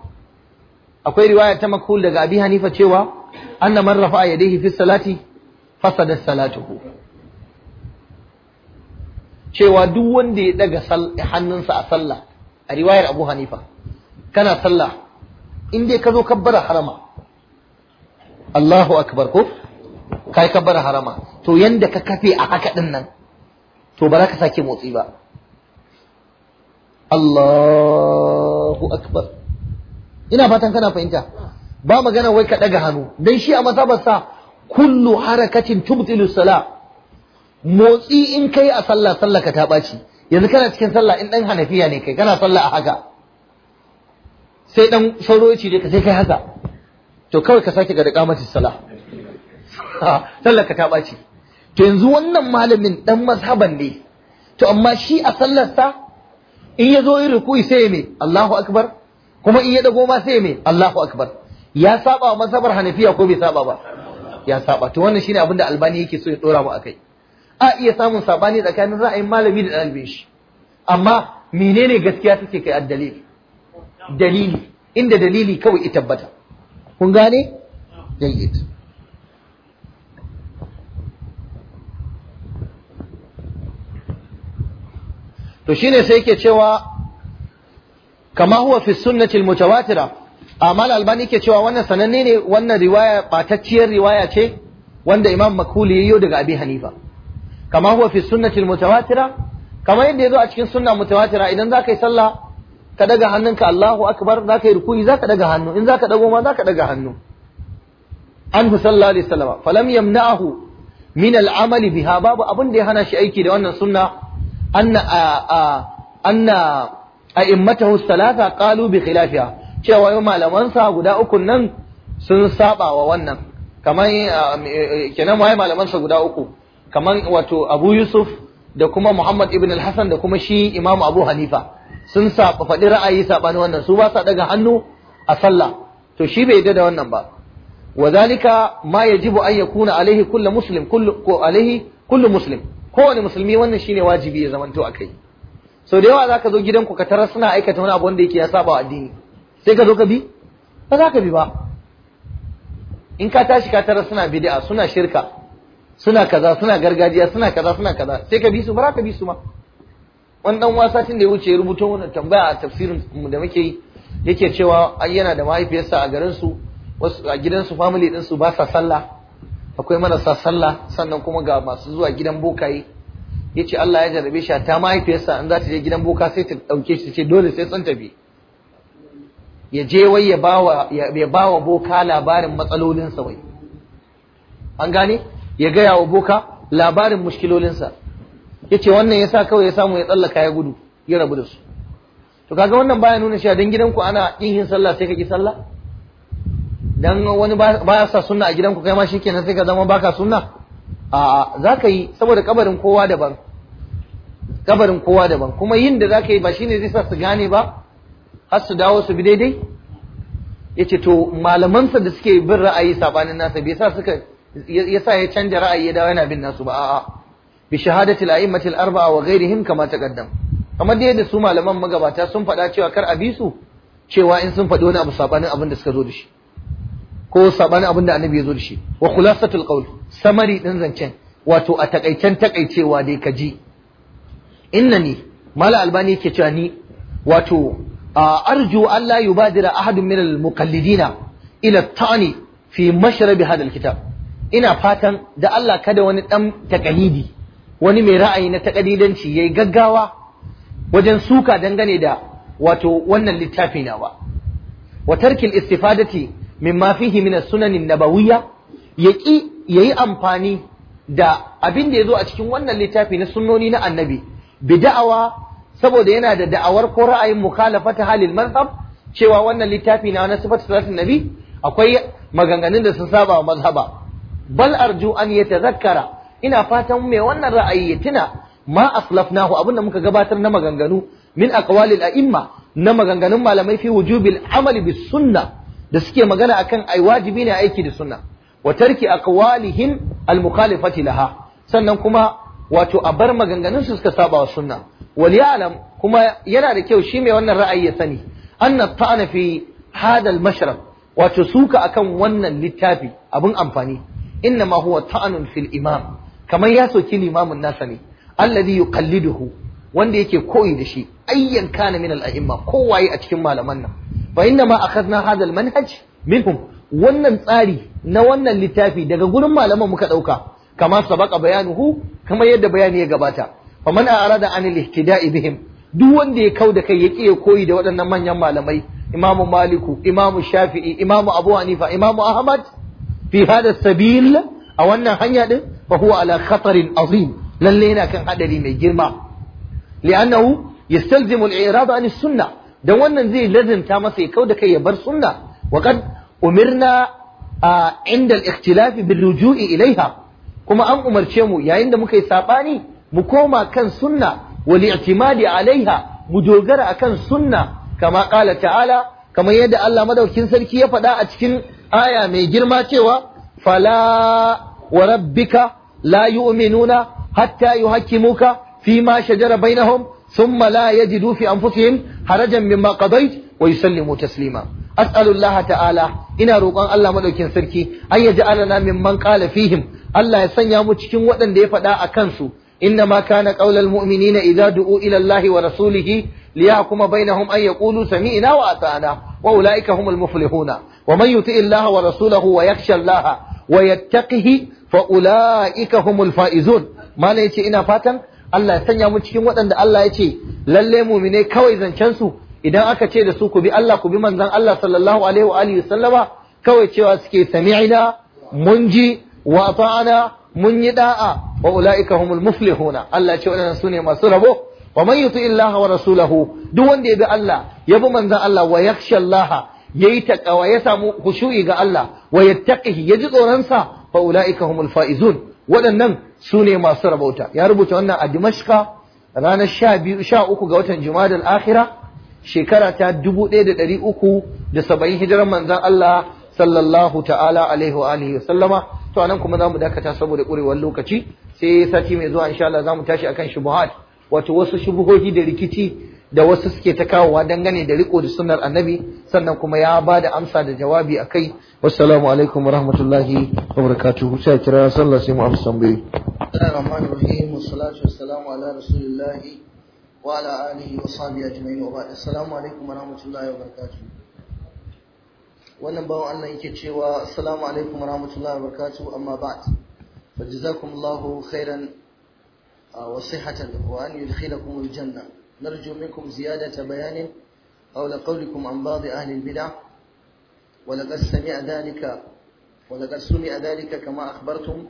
Speaker 1: أقول رواية مكهول لقى أبي حنيفة شوى أن من رفع يديه في الصلاة فسد صلاته شوى دون دي لقى حنن سأصلى رواية أبو حنيفة كان صلى إن دي كذو كبر حرما الله أكبر كف كاي كبر حرما تو يندك كفي أحكا دنن to ba za ka sake motsi ba Allahu akbar ina fatan kana fahimta ba magana wai ka daga hannu dan shi a sa kullu harakatin tubtilu sala motsi in kai a sallah sallah ka ta ɓaci yanzu kana cikin sallah in dan hanafiya ne kai kana sallah a haka sai dan sauro yace ka sai kai haka to kawai ka sake ga da kamati sallah sallah ka ta ɓaci. to yanzu wannan malamin dan mazhaban ne to amma shi a sallarsa in ya zo yi ruku'i sai me Allahu akbar kuma in ya dago ma sai me Allahu akbar ya saba mazhabar Hanafiya ko bai saba ba ya saba to wannan shine abinda da Albani yake so ya dora mu akai a iya samun sabani tsakanin ra'ayin malami da dalibin shi amma menene gaskiya take kai addalili dalili inda dalili kawai ita tabbata kun gane jayyid to shine sai yake cewa kama huwa fi sunnati almutawatira amal albani yake cewa wannan sananne ne wannan riwaya batacciyar riwaya ce wanda imam makuli yayo daga abi hanifa kama huwa fi sunnati almutawatira kamar yadda yazo a cikin sunna mutawatira idan zaka yi sallah ka daga hannunka Allahu akbar zaka yi ruku'i zaka daga hannu in zaka dago ma zaka daga hannu anhu sallallahu alaihi wasallam falam yamna'ahu min al'amali biha babu abin da ya hana shi aiki da wannan sunna anna anna a'immatahu salata qalu bi khilafiha cewa yau malamansa guda uku nan sun saba wa wannan kamar eh, eh, kenan waye malamansa guda uku kamar wato Abu Yusuf da kuma Muhammad ibn al-Hasan da kuma shi Imam Abu Hanifa sun saba faɗi ra'ayi saɓani wannan su ba sa daga hannu a sallah to shi bai yadda da wannan ba wa zalika ma yajibu an yakuna alaihi kullu muslim kullu alaihi kullu muslim kowane musulmi wannan shine wajibi ya zamanto a kai so da yawa zaka zo gidanku ka tarar suna aikata wani abu wanda yake ya saba wa addini sai ka zo ka bi ba za ka bi ba in ka tashi ka tarar suna bid'a suna shirka suna kaza suna gargajiya suna kaza suna kaza sai ka bi su ba za ka bi su ma wani dan wasa tun da ya wuce rubuto wani tambaya a tafsirin mu da muke yi yake cewa ai yana da mahaifiyarsa a garin su a gidansu family din su ba sa sallah akwai marasa sallah sannan kuma ga masu zuwa gidan bokaye yace Allah ya jarabe shi ta mahaifiyarsa in za ta je gidan boka sai ta dauke shi ce dole sai sun tafi ya je wai ya bawa ya boka labarin matsalolinsa wai an gane ya gaya wa boka labarin mushkilolinsa yace wannan yasa kawai ya samu ya tsallaka ya gudu ya rabu da su to kaga wannan baya nuna cewa dan ku ana yin sallah sai ka kake sallah dan wani ba sa sunna a ku kai ma shikenan sai ka zama baka sunna a za ka yi saboda kabarin kowa daban kabarin kowa daban kuma yin da za ka yi ba shine zai sa su gane ba har su dawo su bi daidai yace to malamansa da suke bin ra'ayi sabanin nasa bai sa suka yasa ya canja ra'ayi ya dawo yana bin nasu ba a'a bi shahadati al al arba'a wa ghairihim kama taqaddam kamar da su malaman magabata sun faɗa cewa kar a bi su cewa in sun faɗi wani abu sabanin abin da suka zo da shi ko sabani abin da annabi ya zo da shi wa khulasatul qawl samari din zancen wato a takaicen takaicewa dai ka ji innani mala albani yake cewa ni wato arju allah la yubadira ahadun min al muqallidina ila tani fi mashrabi hada al kitab ina fatan da Allah kada wani dan takalidi wani mai ra'ayi na takalidanci yayi gaggawa wajen suka dangane da wato wannan littafi ba. wa tarkil istifadati mimma fihi min as-sunanin nabawiyya yaki yayi amfani da abin da zo a cikin wannan littafi na sunnoni na annabi da'awa saboda yana da da'awar ko ra'ayin mukhalafata halil mazhab cewa wannan littafi na wani sifatu salatin nabi akwai maganganun da sun saba wa mazhaba bal arju an yatazakkara ina fatan mai wannan ra'ayi ya tuna ma abin da muka gabatar na maganganu min aqwalil a'imma na maganganun malamai fi wujubil amali bis sunna da suke magana akan ai wajibi ne aiki da sunna wa tarki aqwalihim al mukhalifati laha sannan kuma wato a bar maganganun su suka saba wa sunna wal ya'lam kuma yana da kyau shi mai wannan ra'ayi ya sani anna ta'ana fi hada al mashrab wato suka akan wannan littafi abun amfani inna ma huwa ta'anun fil imam kamar ya soki limamin nasa ne alladhi yuqalliduhu wanda yake koyi da shi ayyan kana min al'a'imma kowaye a cikin malaman nan fa inna ma akhadna hadha al-manhaj minhum wannan tsari na wannan littafi daga gurin malaman muka dauka kama sabaka bayanuhu kama yadda bayani ya gabata fa man arada an al-ihtida'i bihim duk wanda ya kauda kai ya kiye koyi da waɗannan manyan malamai imamu maliku imamu shafi'i imamu abu hanifa imamu ahmad fi hada sabil a wannan hanya din fa huwa ala khatarin azim lalle yana kan hadari mai girma li'annahu yastalzimu al-i'rad an as-sunnah dan wannan zai lazimta masa ya kauda kai ya bar sunna wa qad umirna inda al-ikhtilaf bil ruju'i ilaiha kuma an umarce mu yayin da muka yi saɓani mu koma kan sunna wal i'timadi alaiha mu dogara akan sunna kama qala ta'ala kamar yadda Allah madaukin sarki ya faɗa a cikin aya mai girma cewa fala wa rabbika la yu'minuna hatta yuhaqqimuka fi ma shajara hom. ثم لا يجدوا في أنفسهم حرجا مما قضيت ويسلموا تسليما taslima. الله ta'ala ina roƙon Allah madaukin sarki an ya ja'alana mimman qala fihim Allah ya sanya mu cikin waɗanda ya faɗa a kansu inna ma kana qaulal mu'minina idza du'u ila Allah wa rasulihi liyahkuma bainahum an yaqulu sami'na wa ata'na wa ulaika humul muflihuna wa man yuti Allah wa rasulahu wa yakhsha Allah wa yattaqihi fa ulaika humul faizun malai yace ina fatan Allah ya sanya mu cikin waɗanda Allah ya ce lalle mumine kawai zancen su idan aka ce da su ku bi Allah ku bi manzon Allah sallallahu alaihi wa alihi sallama kawai cewa suke sami'ina mun ji wa ata'ana mun yi da'a wa ulaika humul muflihuna Allah ya ce waɗannan ne masu rabo wa man yuti illaha wa rasulahu duk wanda ya bi Allah ya bi manzon Allah wa yakhsha Allah yayi taqwa ya samu khushu'i ga Allah wa yattaqihi ya ji tsoron sa fa ulaika humul faizun waɗannan su ne masu rabauta ya rubuta wannan a dimashka ranar sha uku ga watan jumadal akhira shekara ta dubu ɗaya da ɗari uku da saba'in hijirar manzan Allah sallallahu ta'ala alaihi wa alihi wa sallama to anan kuma zamu dakata saboda ƙurewar lokaci sai sati mai zuwa insha Allah zamu tashi akan shubuhat wato wasu shubuhohi da rikici da wasu suke ta kawowa dangane da riko da sunnar annabi sannan kuma ya ba da amsa da jawabi a kai wasu alaikum wa rahmatullahi wa barakatuhu sai kira sallah sai mu amsa tambayoyi wannan bawan Allah yake cewa assalamu alaikum wa rahmatullahi wa barakatuh amma ba'd fajazakumullahu khairan ah, wa sihhatan wa an نرجو منكم زيادة بيان قول قولكم عن بعض أهل البدع ولقد سمع ذلك ولقد سمع ذلك كما أخبرتم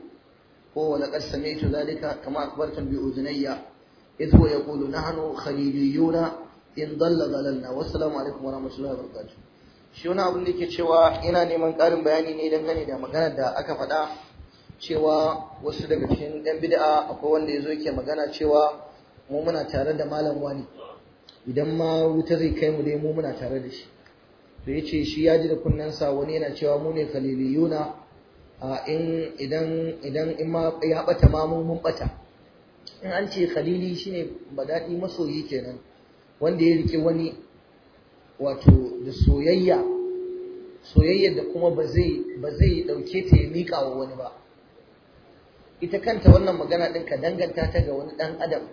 Speaker 1: هو ولقد سمعت ذلك كما أخبرتم بأذني إذ هو يقول نحن خليليون إن ضل ضللنا والسلام عليكم ورحمة الله وبركاته shi wani abin da ke cewa ina neman ƙarin bayani ne dangane da maganar da aka faɗa cewa wasu daga cikin 'yan bid'a akwai wanda ya zo yake magana cewa mu muna tare da malam wani idan ma wuta zai kai mu dai mu muna tare da shi to yace shi ya ji da sa wani yana cewa mu ne khaliliyuna in idan idan in ma ya bata ma mu mun bata in an ce khalili shine badadi masoyi kenan wanda ya rike wani wato da soyayya soyayyar da kuma ba zai ba zai dauke ta ya mika wa wani ba ita kanta wannan magana din ka danganta ta ga wani dan adam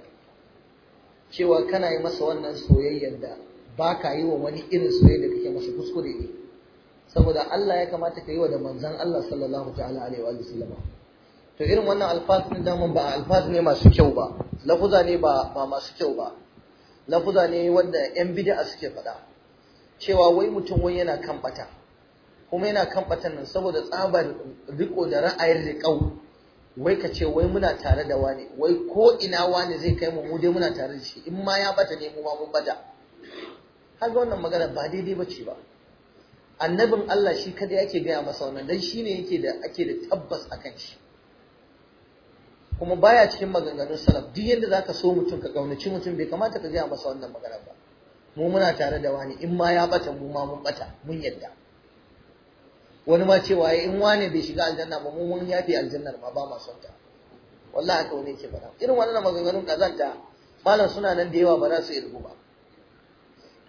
Speaker 1: cewa kana yi masa wannan soyayyar da ba ka yi wa wani irin soyayyar da kake masa kuskure ne saboda Allah ya kamata ka yi wa da manzan Allah sallallahu ta'ala alaihi wa sallam to irin wannan alfaz din daman ba alfaz ne masu kyau ba lafuza ne ba ba masu kyau ba lafuza ne wanda yan bid'a suke faɗa cewa wai mutum wai yana kan kuma yana kan nan saboda tsabar riko da ra'ayin riƙau wai ka ce wai muna tare da wani wai ko ina wani zai kai mu mu dai muna tare da shi in ma ya bata ne mu ma mun bata har ga wannan magana ba daidai ce ba annabin Allah shi kada yake gaya masa wannan dan shine yake da ake da tabbas akan shi kuma baya cikin maganganun salaf duk yanda zaka so mutum ka kaunaci mutum bai kamata ka gaya masa wannan magana ba mu muna tare da wani in ma ya bata mu ma mun bata mun yadda wani ma cewa in wane bai shiga aljanna ba mun ya fi aljannar ma ba ma son ta wallahi haka wani yake faɗa irin wannan maganganun kazanta malam suna nan da yawa ba za su rubu ba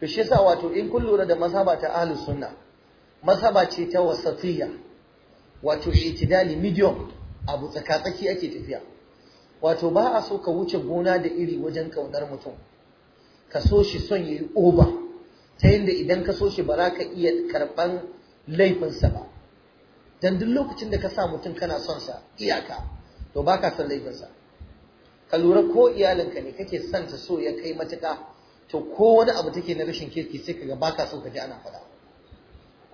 Speaker 1: to shi yasa wato in kun lura da masaba ta ahlus sunna masaba ce ta wasatiyya wato itidali medium abu tsakatsaki ake tafiya wato ba a so ka wuce gona da iri wajen kaunar mutum ka so shi son yayi oba ta yadda idan ka so shi ba za ka iya karɓan laifinsa ba dan duk lokacin da ka sa mutum kana son sa iyaka to ba ka son laifinsa ka lura ko iyalinka ne kake son ta so ya kai matuka to ko wani abu take na rashin kirki sai kaga ka so ka ji ana faɗa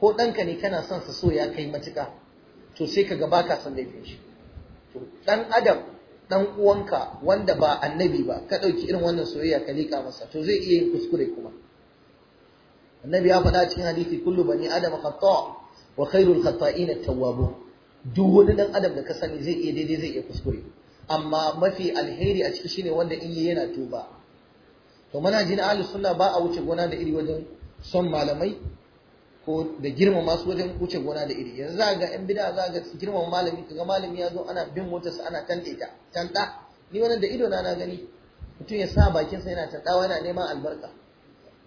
Speaker 1: ko ɗanka ne kana son sa so ya kai matuka to sai kaga baka son laifin shi to ɗan adam ɗan uwanka wanda ba annabi ba ka ɗauki irin wannan soyayya ka liƙa masa to zai iya yin kuskure kuma annabi ya faɗa cikin hadisi kullu bani adam khata wa khairul khata'in at-tawwabun duk wani dan adam da ka sani zai iya daidai zai iya kuskure amma mafi alheri a ciki shine wanda in yi yana tuba to manhajin ahlus sunna ba a wuce gona da iri wajen son malamai ko da girmama masu wajen wuce gona da iri yanzu za ga yan bida za ga girmama malami kaga malami ya zo ana bin motarsa ana tantita tanta ni wannan da ido na na gani mutum ya sa bakinsa yana tantawa yana neman albarka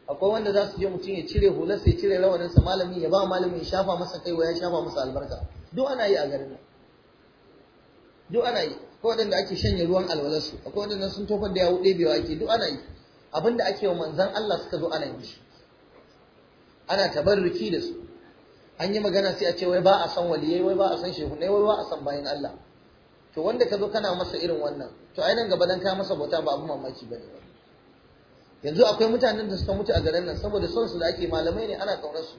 Speaker 1: akwai wanda za su je mutum ya cire hular sai cire rawaninsa malami ya ba malami ya shafa masa kaiwa ya shafa masa albarka duk ana yi a garin nan duk ana yi akwai waɗanda ake shanye ruwan alwalarsu akwai waɗanda sun tofar da yawo ɗebewa ake duk ana yi abinda ake wa manzan Allah suka zo ana yi shi ana tabarruki da su an yi magana sai a ce wai ba a san waliyai wai ba a san shehunai wai ba a san bayan Allah to wanda ka zo kana masa irin wannan to ai nan gaba dan ka masa bauta ba abu mamaki bane ba yanzu akwai mutanen da suka mutu a garin nan saboda son su da ake malamai ne ana kaunar su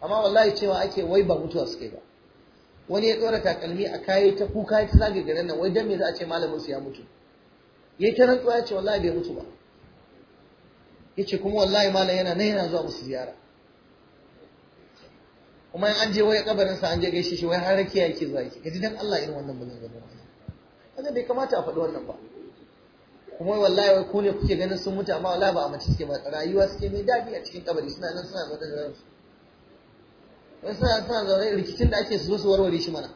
Speaker 1: amma wallahi cewa ake wai ba mutuwa suke ba wani ya tsora takalmi a kayi ta kuka ta zage garin nan wai dan me za a ce malamin su ya mutu yayi ta rantsuwa ya ce wallahi bai mutu ba yace kuma wallahi malam yana nan yana zuwa musu ziyara kuma an je wai kabarin sa an je gaishe shi wai har rakiya yake zuwa yake kaji dan Allah irin wannan bulan gaba wannan bai kamata a faɗi wannan ba kuma wallahi wai ku ne kuke ganin sun mutu amma wallahi ba a mace suke ba rayuwa suke mai daɗi a cikin kabari suna nan suna zaune da ransu wai suna suna zaune rikicin da ake su zo su warware shi mana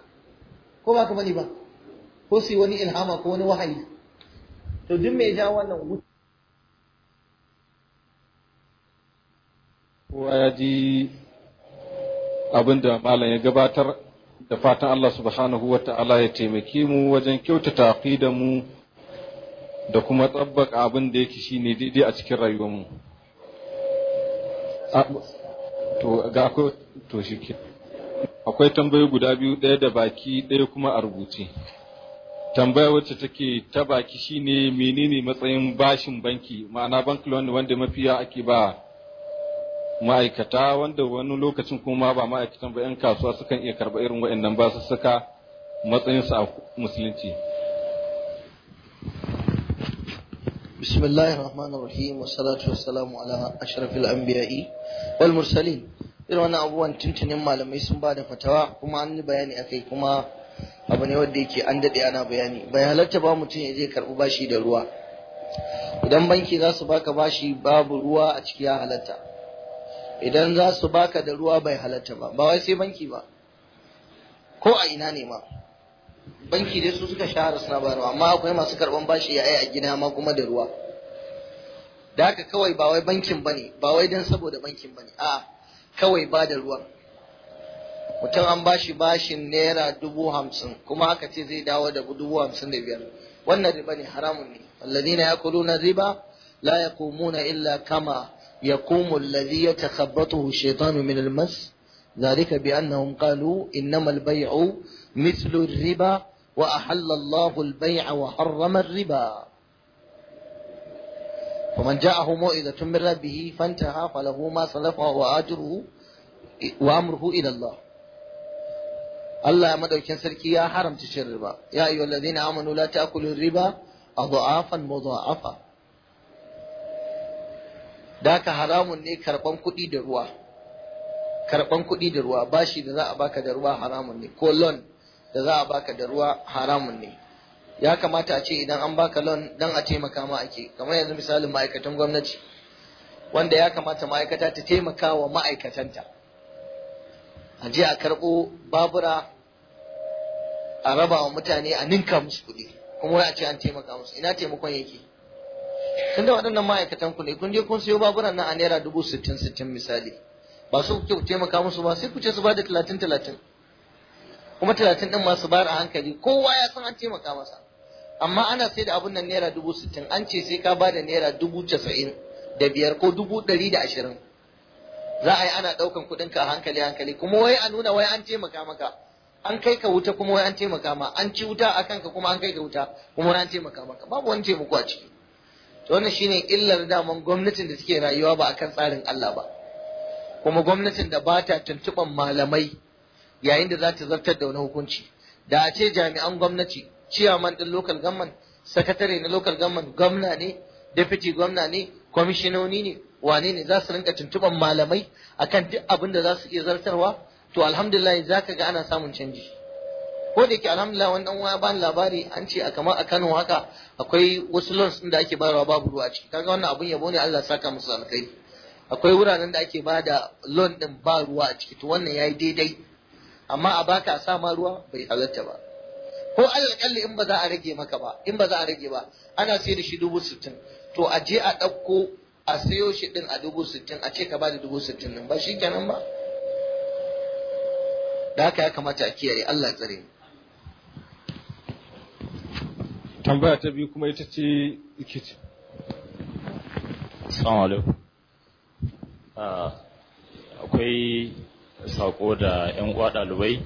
Speaker 1: ko ba ka bani ba ko su yi wani ilhama ko wani wahayi to duk mai ja wannan wuce
Speaker 2: kowa ya ji abin da malam ya gabatar da fatan Allah subhanahu wa ta'ala ya taimake mu wajen kyautata aqidar mu da kuma tsabbaka abin da yake ne daidai a cikin rayuwarmu to akwai to guda biyu ɗaya da baki ɗaya kuma a rubuce tambaya wacce take ta baki shine menene matsayin bashin banki ma'ana bank loan wanda mafiya ake ba ma'aikata wanda wani lokacin kuma ba ma'aikatan ba 'yan kasuwa sukan iya karba irin waɗannan basussuka matsayinsu a musulunci
Speaker 1: بسم الله الرحمن الرحيم والصلاة والسلام على أشرف الأنبياء والمرسلين irin wannan abubuwan tuntunin malamai sun ba da fatawa kuma an yi bayani a kai kuma abu ne wanda yake an daɗe ana bayani bai halatta ba mutum ya je karɓi bashi da ruwa idan banki za su baka bashi babu ruwa a ciki ya halatta idan za su baka da ruwa bai halatta ba ba wai sai banki ba ko a ina ne ma banki dai su suka shahara suna bayarwa amma akwai masu karban bashi ya yi a gida ma kuma da ruwa da haka kawai ba wai bankin ba ne, ba wai don saboda bankin ba ne. a kawai ba da ruwan mutum an bashi bashin naira dubu hamsin kuma aka ce zai dawo da dubu hamsin da biyar wannan riba ne haramun ne na kudu na riba la na illa kama yaqumu alladhi yatakhabbathu shaytanu min bi mas bi annahum قالوا innamal البيع مثل الربا وأحل الله البيع وحرم الربا فمن جاءه موئذة من ربه فانتهى فله ما سلف وأجره وأمره إلى الله Allah madaukin sarki ya haramta cin riba ya ayyuhal ladina amanu la ta'kulu riba adha'afan mudha'afa daka haramun ne karban kuɗi da ruwa karban kuɗi da ruwa bashi da za a baka da ruwa haramun ne da za a baka da ruwa haramun ne ya kamata a ce idan an baka loan dan a taimaka ma ake kamar yanzu misalin ma'aikatan gwamnati wanda ya kamata ma'aikata ta taimaka wa ma'aikatanta a je a karɓo babura a raba wa mutane a ninka musu kuɗi kuma a ce an taimaka musu ina taimakon yake tun da waɗannan ma'aikatan ku ne kun je kun sayo baburan nan a naira dubu sittin sittin misali ba su ku taimaka musu ba sai ku ce su ba da talatin talatin kuma talatin din masu bayar a hankali kowa ya san an taimaka masa amma ana sai da abun nan naira dubu sittin an ce sai ka bada naira dubu casa'in da biyar ko dubu ɗari da ashirin za a yi ana ɗaukan kuɗinka a hankali hankali kuma wai a nuna wai an taimaka maka an kai ka wuta kuma wai an taimaka ma an ci wuta a kanka kuma an kai ka wuta kuma wai an taimaka maka babu wani taimako a ciki to wannan shine illar daman gwamnatin da suke rayuwa ba akan tsarin Allah ba kuma gwamnatin da ba ta tuntuɓar malamai yayin da za ta zartar da wani hukunci da a ce jami'an gwamnati ciyaman ɗin local government sakatare na local government gwamna ne deputy gwamna ne kwamishinoni ne wane ne za su rinka tuntuban malamai akan duk abin da za su iya zartarwa to alhamdulillah za ka ga ana samun canji ko da yake alhamdulillah wannan dan uwa bani labari an ce a kamar a Kano haka akwai wasu loans ɗin da ake bayarwa babu ruwa ciki kaga wannan abun yabo ne Allah saka musu alkhairi akwai wuraren da ake ba da lon ɗin ba ruwa a ciki to wannan ya yi daidai amma a baka a sa ma ruwa bai halatta ba ko alƙalli in ba za a rage maka ba in ba za a rage ba ana sai da shi dubu sittin to a je a ɗauko a sayo shi ɗin a dubu sittin a ce ka ba da dubu sittin ɗin ba shi kenan ba da haka ya kamata a kiyaye Allah tsare mu
Speaker 2: tambaya ta biyu kuma ita ce ikici assalamu alaikum ah, akwai sako da 'yan uwa ɗalibai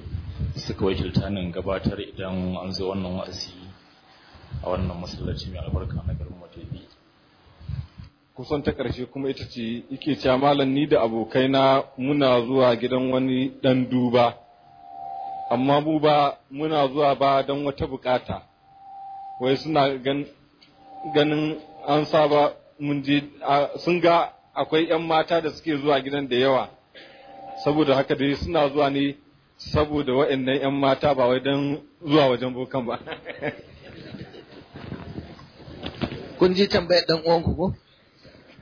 Speaker 2: suka wakilta nan gabatar idan an zo wannan wa'azi a wannan masallaci mai albarka na garin Matebi. Kusan ta ƙarshe kuma ita ce ike cewa malam ni da abokaina muna zuwa gidan wani ɗan duba, amma mu ba muna zuwa ba don wata bukata, wai suna ganin an saba mun je sun ga akwai 'yan mata da suke zuwa gidan da yawa. saboda haka dai suna zuwa ne saboda wa'annan 'yan mata ba wai don zuwa wajen bokan ba
Speaker 1: kun ji tambayar ɗan uwanku ko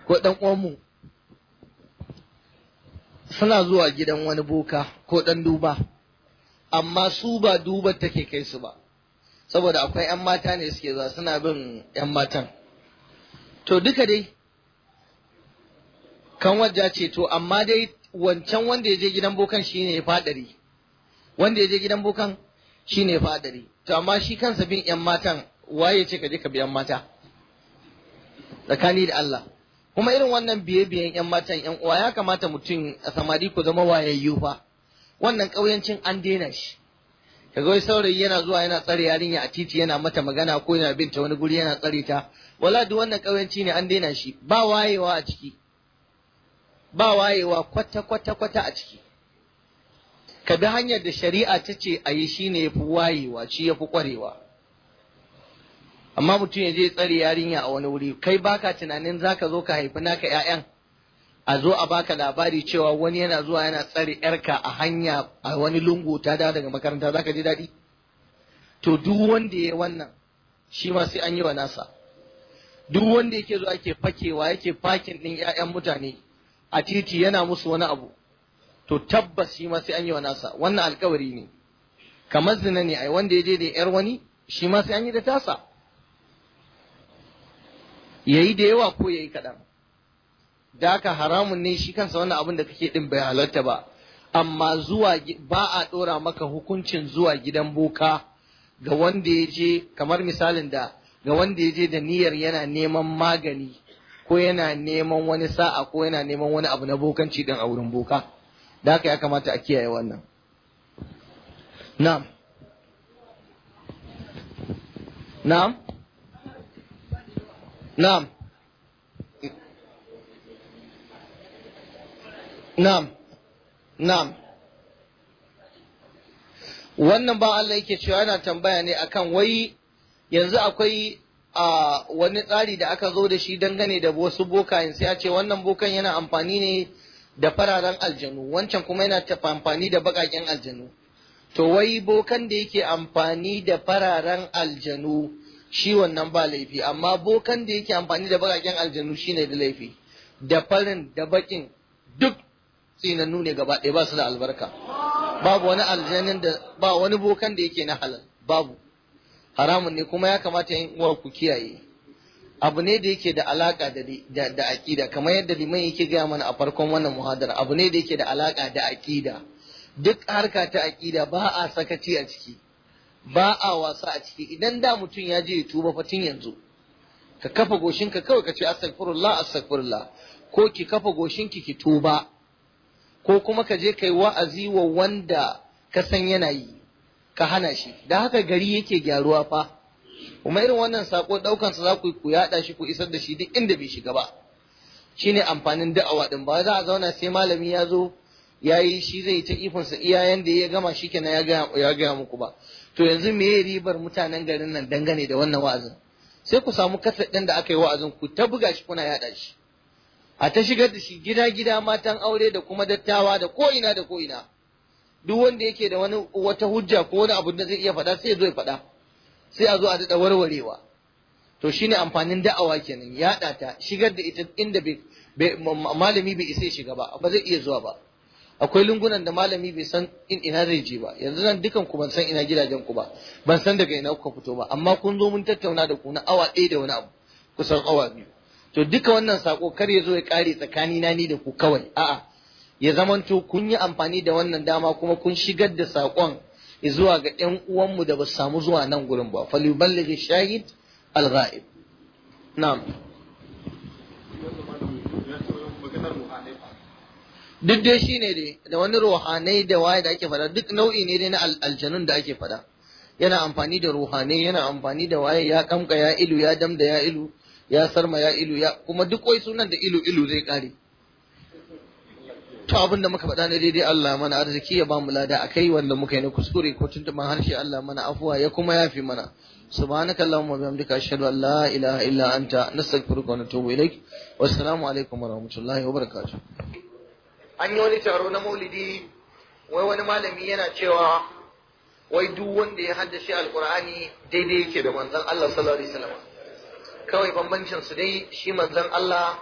Speaker 1: ko ɗan uwanmu suna zuwa gidan wani boka ko ɗan duba amma su ba dubar take kai su ba saboda akwai 'yan mata ne suke za suna bin 'yan matan to duka dai kan wajja ce to amma dai wancan wanda ya je gidan bokan shi ne fadari wanda ya je gidan bokan shi ne fadari to amma shi kansa bin yan matan waye ce ka je ka biyan mata tsakani da Allah kuma irin wannan biye-biyen yan matan yan uwa ya kamata mutum a samari ku zama wayayyu fa wannan ƙauyancin an daina shi kaga wai saurayi yana zuwa yana tsare yarinya a titi yana mata magana ko yana binta wani guri yana tsare ta wala duk wannan ƙauyanci ne an daina shi ba wayewa a ciki ba wayewa kwata-kwata-kwata a ciki ka bi hanyar da shari'a ta ce a yi shi ne ya fi wayewa shi ya fi ƙwarewa amma mutum ya je tsare yarinya a wani wuri kai baka tunanin za ka zo ka haifi naka 'ya'yan a zo a baka labari cewa wani yana zuwa yana tsare 'yarka a hanya a wani lungu ta dawo daga makaranta za ka ji daɗi to duk wanda ya wannan shi ma sai an yi wa nasa duk wanda yake zo ake fakewa yake fakin ɗin 'ya'yan mutane a titi yana musu wani abu to tabbas shi ma sai an yi wa nasa wannan alkawari ne kamar zina ne ai wanda ya je da yar wani shi ma sai an yi da tasa yayi da yawa ko yayi kaɗan da haka haramun ne shi kansa wannan abin da kake din bai halarta ba amma zuwa ba a ɗora maka hukuncin zuwa gidan boka ga wanda ya je kamar misalin da ga wanda ya je da niyyar yana neman magani ko yana neman wani sa'a ko yana neman wani abu na bokanci din a wurin boka da haka ya kamata a kiyaye wannan na'am na'am na'am na'am na'am wannan ba Allah yake cewa yana tambaya ne akan wai yanzu akwai a wani tsari da aka zo da shi dangane da wasu bokayen sai a ce wannan bokan yana amfani ne da fararen aljanu wancan kuma yana amfani da baƙaƙen aljanu to wai bokan da yake amfani da fararen aljanu shi wannan ba laifi amma bokan da yake amfani da baƙaƙen aljanu shi ne da laifi da farin da baƙin duk tsinannu ne gaba ɗaya ba su da albarka babu wani aljanin da ba wani bokan da yake na halal babu haramun ne kuma ya kamata yin uwa ku kiyaye abu ne da yake da alaka da aƙida kamar yadda liman yake gaya mana a farkon wannan muhadara abu ne da yake da alaka da aƙida duk harka ta aƙida ba a sakaci a ciki ba a wasa a ciki idan da mutum ya je ya tuba fatin yanzu ka kafa goshinka kawai ka ce astagfirullah astagfirullah ko ki kafa goshinki ki tuba ko kuma ka je kai wa'azi wa wanda ka san yana yi ka hana shi da haka gari yake gyaruwa fa kuma irin wannan sako sa za ku ku yaɗa shi ku isar da shi duk inda bai shiga ba shine amfanin da'awa din ba za a zauna sai malami ya zo ya yi shi zai ta ifinsa iyayen da ya gama shi kenan ya ga muku ba to yanzu me ya ribar mutanen garin nan dangane da wannan wa'azin sai ku samu kasar ɗin da aka yi wa'azin ku ta buga shi kuna yaɗa shi a ta shigar da shi gida gida matan aure da kuma dattawa da ko ina da ko ina duk wanda yake da wani wata hujja ko wani abu da zai iya faɗa sai ya zo ya faɗa sai a zo a daɗa warwarewa to shine amfanin da'awa kenan yaɗa ta shigar da ita inda malami bai isa shiga ba ba zai iya zuwa ba akwai lungunan da malami bai san in ina zai je ba yanzu nan dukan ku ban san ina gidajen ku ba ban san daga ina kuka fito ba amma kun zo mun tattauna da ku na awa ɗaya da wani abu kusan awa biyu to duka wannan sako kar ya zo ya kare tsakani na ni da ku kawai a'a ya zamanto kun yi amfani da wannan dama kuma kun shigar da saƙon zuwa ga ‘yan uwanmu da ba su samu zuwa nan gurin ba ga shahid al-ghaib na'am duk dai shi ne dai da wani ruhanai da waye da ake fada duk nau'i ne dai na aljanun da ake fada yana amfani da ruhanai yana amfani da waye ya kamka ya ilu ya damda ya ilu ya sarma ya ilu ya kuma duk wai sunan da ilu ilu zai kare to abin da muka faɗa ne daidai Allah mana arziki ya bamu lada akai wanda muka yi na kuskure ko tuntuban harshe Allah mana afuwa ya kuma yafi mana subhanaka allahumma bihamdika ashhadu an la ilaha illa anta nastaghfiruka wa natubu ilaik wassalamu alaikum wa rahmatullahi wa barakatuh an yi wani taro na maulidi wai wani malami yana cewa wai duk wanda ya haddace alqur'ani daidai yake da manzon Allah sallallahu alaihi wasallam kawai bambancin su dai shi manzon Allah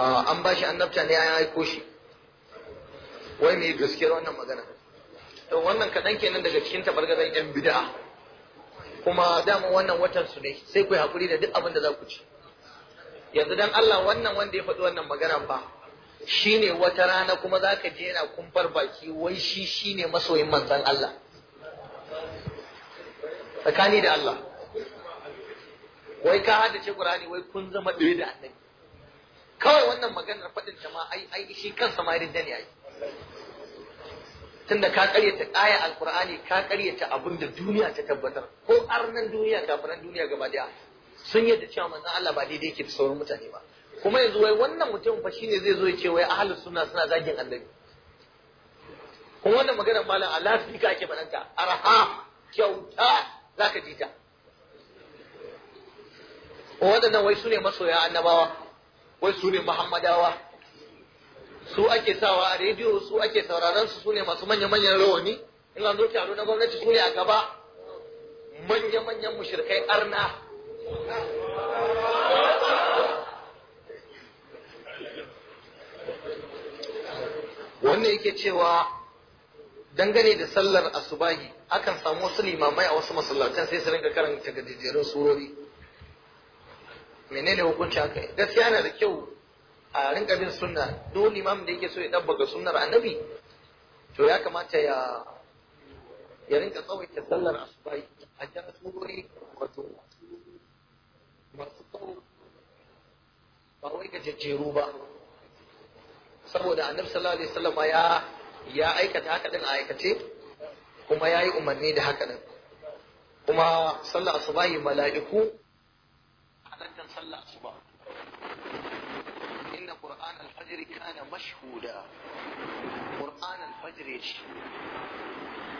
Speaker 1: ah, an ba bashi annabta ne an yi koshi. wai me gaskiyar wannan magana to wannan kaɗan kenan daga cikin tabargazan yan bid'a kuma dama wannan watan su ne sai ku hakuri da duk abin da za ku ci yanzu dan Allah wannan wanda ya faɗi wannan magana fa shine wata rana kuma za ka je yana kumfar baki wai shi shine masoyin manzon Allah tsakani da Allah wai ka ce Qur'ani wai kun zama ɗaya da annabi kawai wannan maganar faɗin jama'a ai ai shi kansa ma ridda ne ai tunda ka karyata aya alqur'ani ka karyata abin da duniya ta tabbatar ko arnan duniya kafiran duniya gaba daya sun yadda cewa manzon Allah ba daidai yake da sauran mutane ba kuma yanzu wai wannan mutum fa shine zai zo ya ce wai ahlus sunna suna zagin annabi kuma wannan maganar malam Allah fika ake faranta arha kyauta zaka ji ta Wannan wai sune masoya annabawa wai sune ne muhammadawa su ake sawa a rediyo su ake sauraron su sune masu manya-manyan rawani in an zo taro na gwamnati su ne a gaba manya-manyan mushrikai arna wannan yake cewa dangane da sallar asubahi akan samu wasu limamai a wasu masallatan sai su rinka karanta gajejjerun surori menene hukunci yi? gaskiya na da kyau a rinka bin sunna duk imam da yake so ya dabbaga sunnar annabi to ya kamata ya
Speaker 2: ya rinka tsawaita
Speaker 1: sallar asubai a jihar tsuri wato masu tsawo ba wai ga jajjeru ba saboda annabi sallallahu alaihi wasallam ya ya aikata haka din a aikace kuma ya yi umarni da haka din kuma sallar asubahi mala'iku halattar sallar asuba الفجر كان مشهودا قرآن الفجر يجي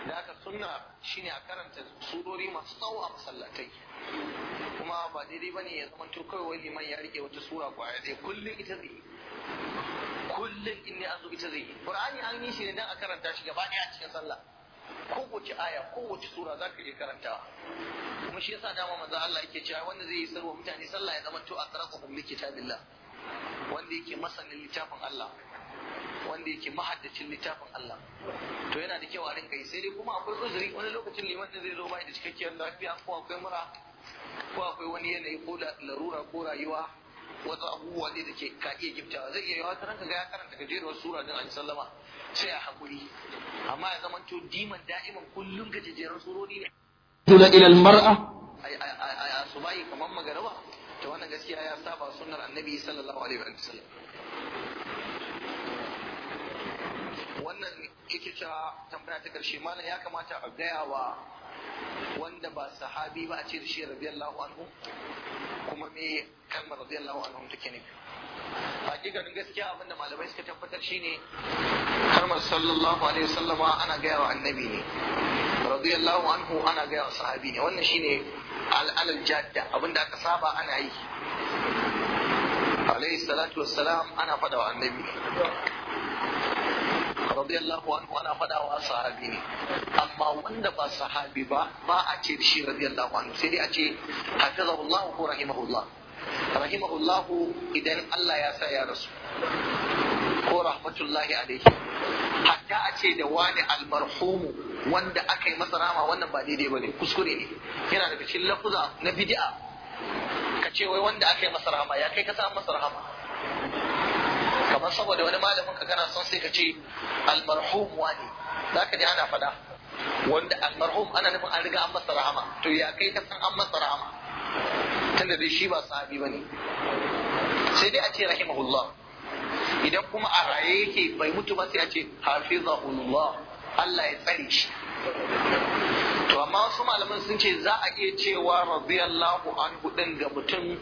Speaker 1: ذاك السنة شيني أكرم سوروري مستوى مسلتي kuma ba daidai ba ne ya zama kawai wani liman ya rike wata sura kwaya ɗaya kullum ita zai kullum in ne an zo ita zai Qur'ani an yi shi ne a karanta shi gaba ɗaya cikin sallah kowace aya kowace sura za ka iya karantawa kuma shi yasa dama maza Allah yake cewa wanda zai yi sarwa mutane sallah ya zama to a tsarafa likita kitabillah wanda yake masanin littafin Allah wanda yake mahaddacin littafin Allah to yana da kyau a rinka yi sai dai kuma akwai uzuri wani lokacin liman da zai zo bai da cikakkiyar lafiya ko akwai mura ko akwai wani yanayi ko larura ko rayuwa wasu abubuwa ne da ke ka iya giftawa zai iya yawa ranka ga ya karanta gajeruwar sura din an sallama sai a hakuri amma ya zama to diman da'iman kullum gajejerar surori ne ila mara a su bayi kamar magaraba to wannan gaskiya ya saba sunnar annabi sallallahu alaihi wa sallam wannan yake cewa tambaya ta karshe malam ya kamata a gaya wa wanda ba sahabi ba a ce da shi radiyallahu anhu kuma me kalmar radiyallahu anhu take ne hakikanin gaskiya abinda malamai suka tabbatar shine kalmar sallallahu alaihi wasallama ana gaya wa annabi ne radiyallahu anhu ana gaya wa sahabi ne wannan shine al'alal jadda abinda aka saba ana yi alayhi salatu wassalam ana faɗa wa annabi radiyallahu anhu ana faɗa wa sahabi ne amma wanda ba sahabi ba ba a ce da shi radiyallahu anhu sai dai a ce hafizahullahu ko rahimahullah rahimahullahu idan Allah ya sa ya rasu ko rahmatullahi alaihi hatta a ce da wani almarhumu wanda aka yi masa rama wannan ba daidai ba ne kuskure ne yana da cikin lafuza na bid'a ka ce wai wanda aka yi masa rama ya kai ka sa masa rama kamar saboda wani malamin ka kana son sai ka ce almarhum wani zaka ji ana fada wanda almarhum ana nufin an riga an masa rahama to ya kai ka san an masa rahama tunda dai shi ba sahabi bane sai dai a ce rahimahullah idan kuma a raye yake bai mutu ba sai a ce hafizahullah Allah ya tsare shi to amma wasu malaman sun ce za a iya cewa radiyallahu anhu din ga mutum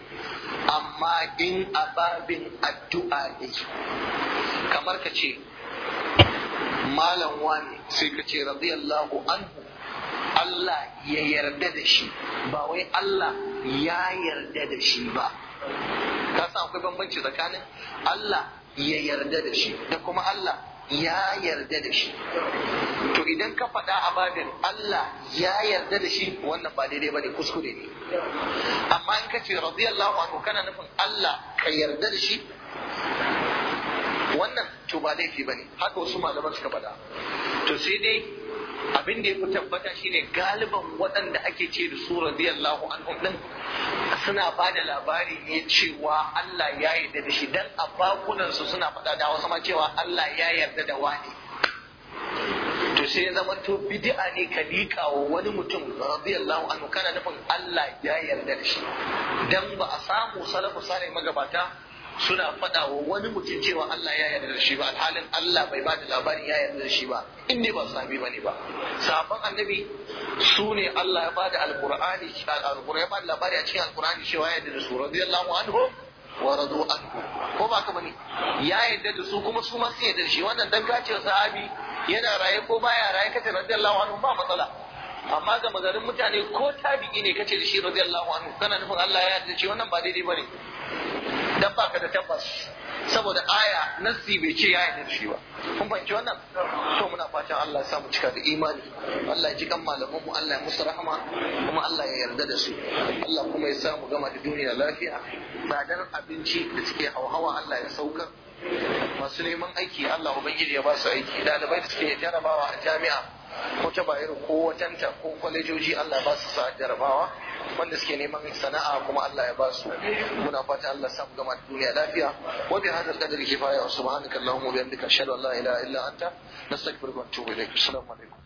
Speaker 1: amma in ababin addu'a ne kamar ka ce malam wani sai ka ce radiyallahu anhu Allah ya yarda da shi ba wai Allah ya yarda da shi ba ka san akwai bambanci tsakanin Allah ya yarda da shi da kuma Allah ya yarda da shi to idan ka faɗa a babin Allah ya yarda da shi wannan ba daidai bane kuskure ne amma in ka ce radiyallahu anhu kana nufin Allah ka yarda da shi wannan to ba laifi bane haka wasu malaman suka faɗa to sai dai abin da ya fi tabbata shine galiban waɗanda ake ce da su radiyallahu anhum din suna ba da labari ne cewa Allah ya yarda da shi dan a bakunansu suna faɗa da wasu cewa Allah ya yarda da wani to sai ya zama to bid'a ne ka liƙa wa wani mutum radiyallahu anhu kana nufin Allah ya yarda da shi dan ba a samu salafu sare magabata suna faɗa wa wani mutum cewa Allah ya yarda da shi ba alhalin Allah bai ba da labarin ya yarda da shi ba in ne ba sahabi ba ne ba sahabban annabi su ne Allah ya ba da alqur'ani alqur'ani ya ba da labari a cikin alqur'ani cewa ya yarda da su radiyallahu anhu wa radu anhu ko ba ka bane ya yarda da su kuma su ma su yarda da shi wannan dan kace sahabi yana raye ko baya raye kace radiyallahu anhu ba matsala amma ga magarin mutane ko tabi'i ne kace da shi radiyallahu anhu kana nufin Allah ya yarda da shi wannan ba daidai bane dan baka da tabbas saboda aya nassi bai ce ya yarda shi ba kun fahimci wannan to muna fatan Allah ya samu cika da imani Allah ya ji kan malaman mu Allah ya musu rahama kuma Allah ya yarda da su Allah kuma ya samu gama da duniya lafiya tsadar abinci da suke hauhawa Allah ya saukar masu neman aiki Allah ubangiji ya ba su aiki dalibai da suke jarabawa a jami'a ko ta bayar ko watanta ko kwalejoji Allah ba su sa jarabawa wanda suke neman sana'a kuma Allah ya ba su muna fata Allah samu gama duniya lafiya
Speaker 2: wa bi hadal qadri kifaya subhanakallahumma wa bihamdika ashhadu an la ilaha illa anta nastaghfiruka wa atubu ilaik assalamu alaikum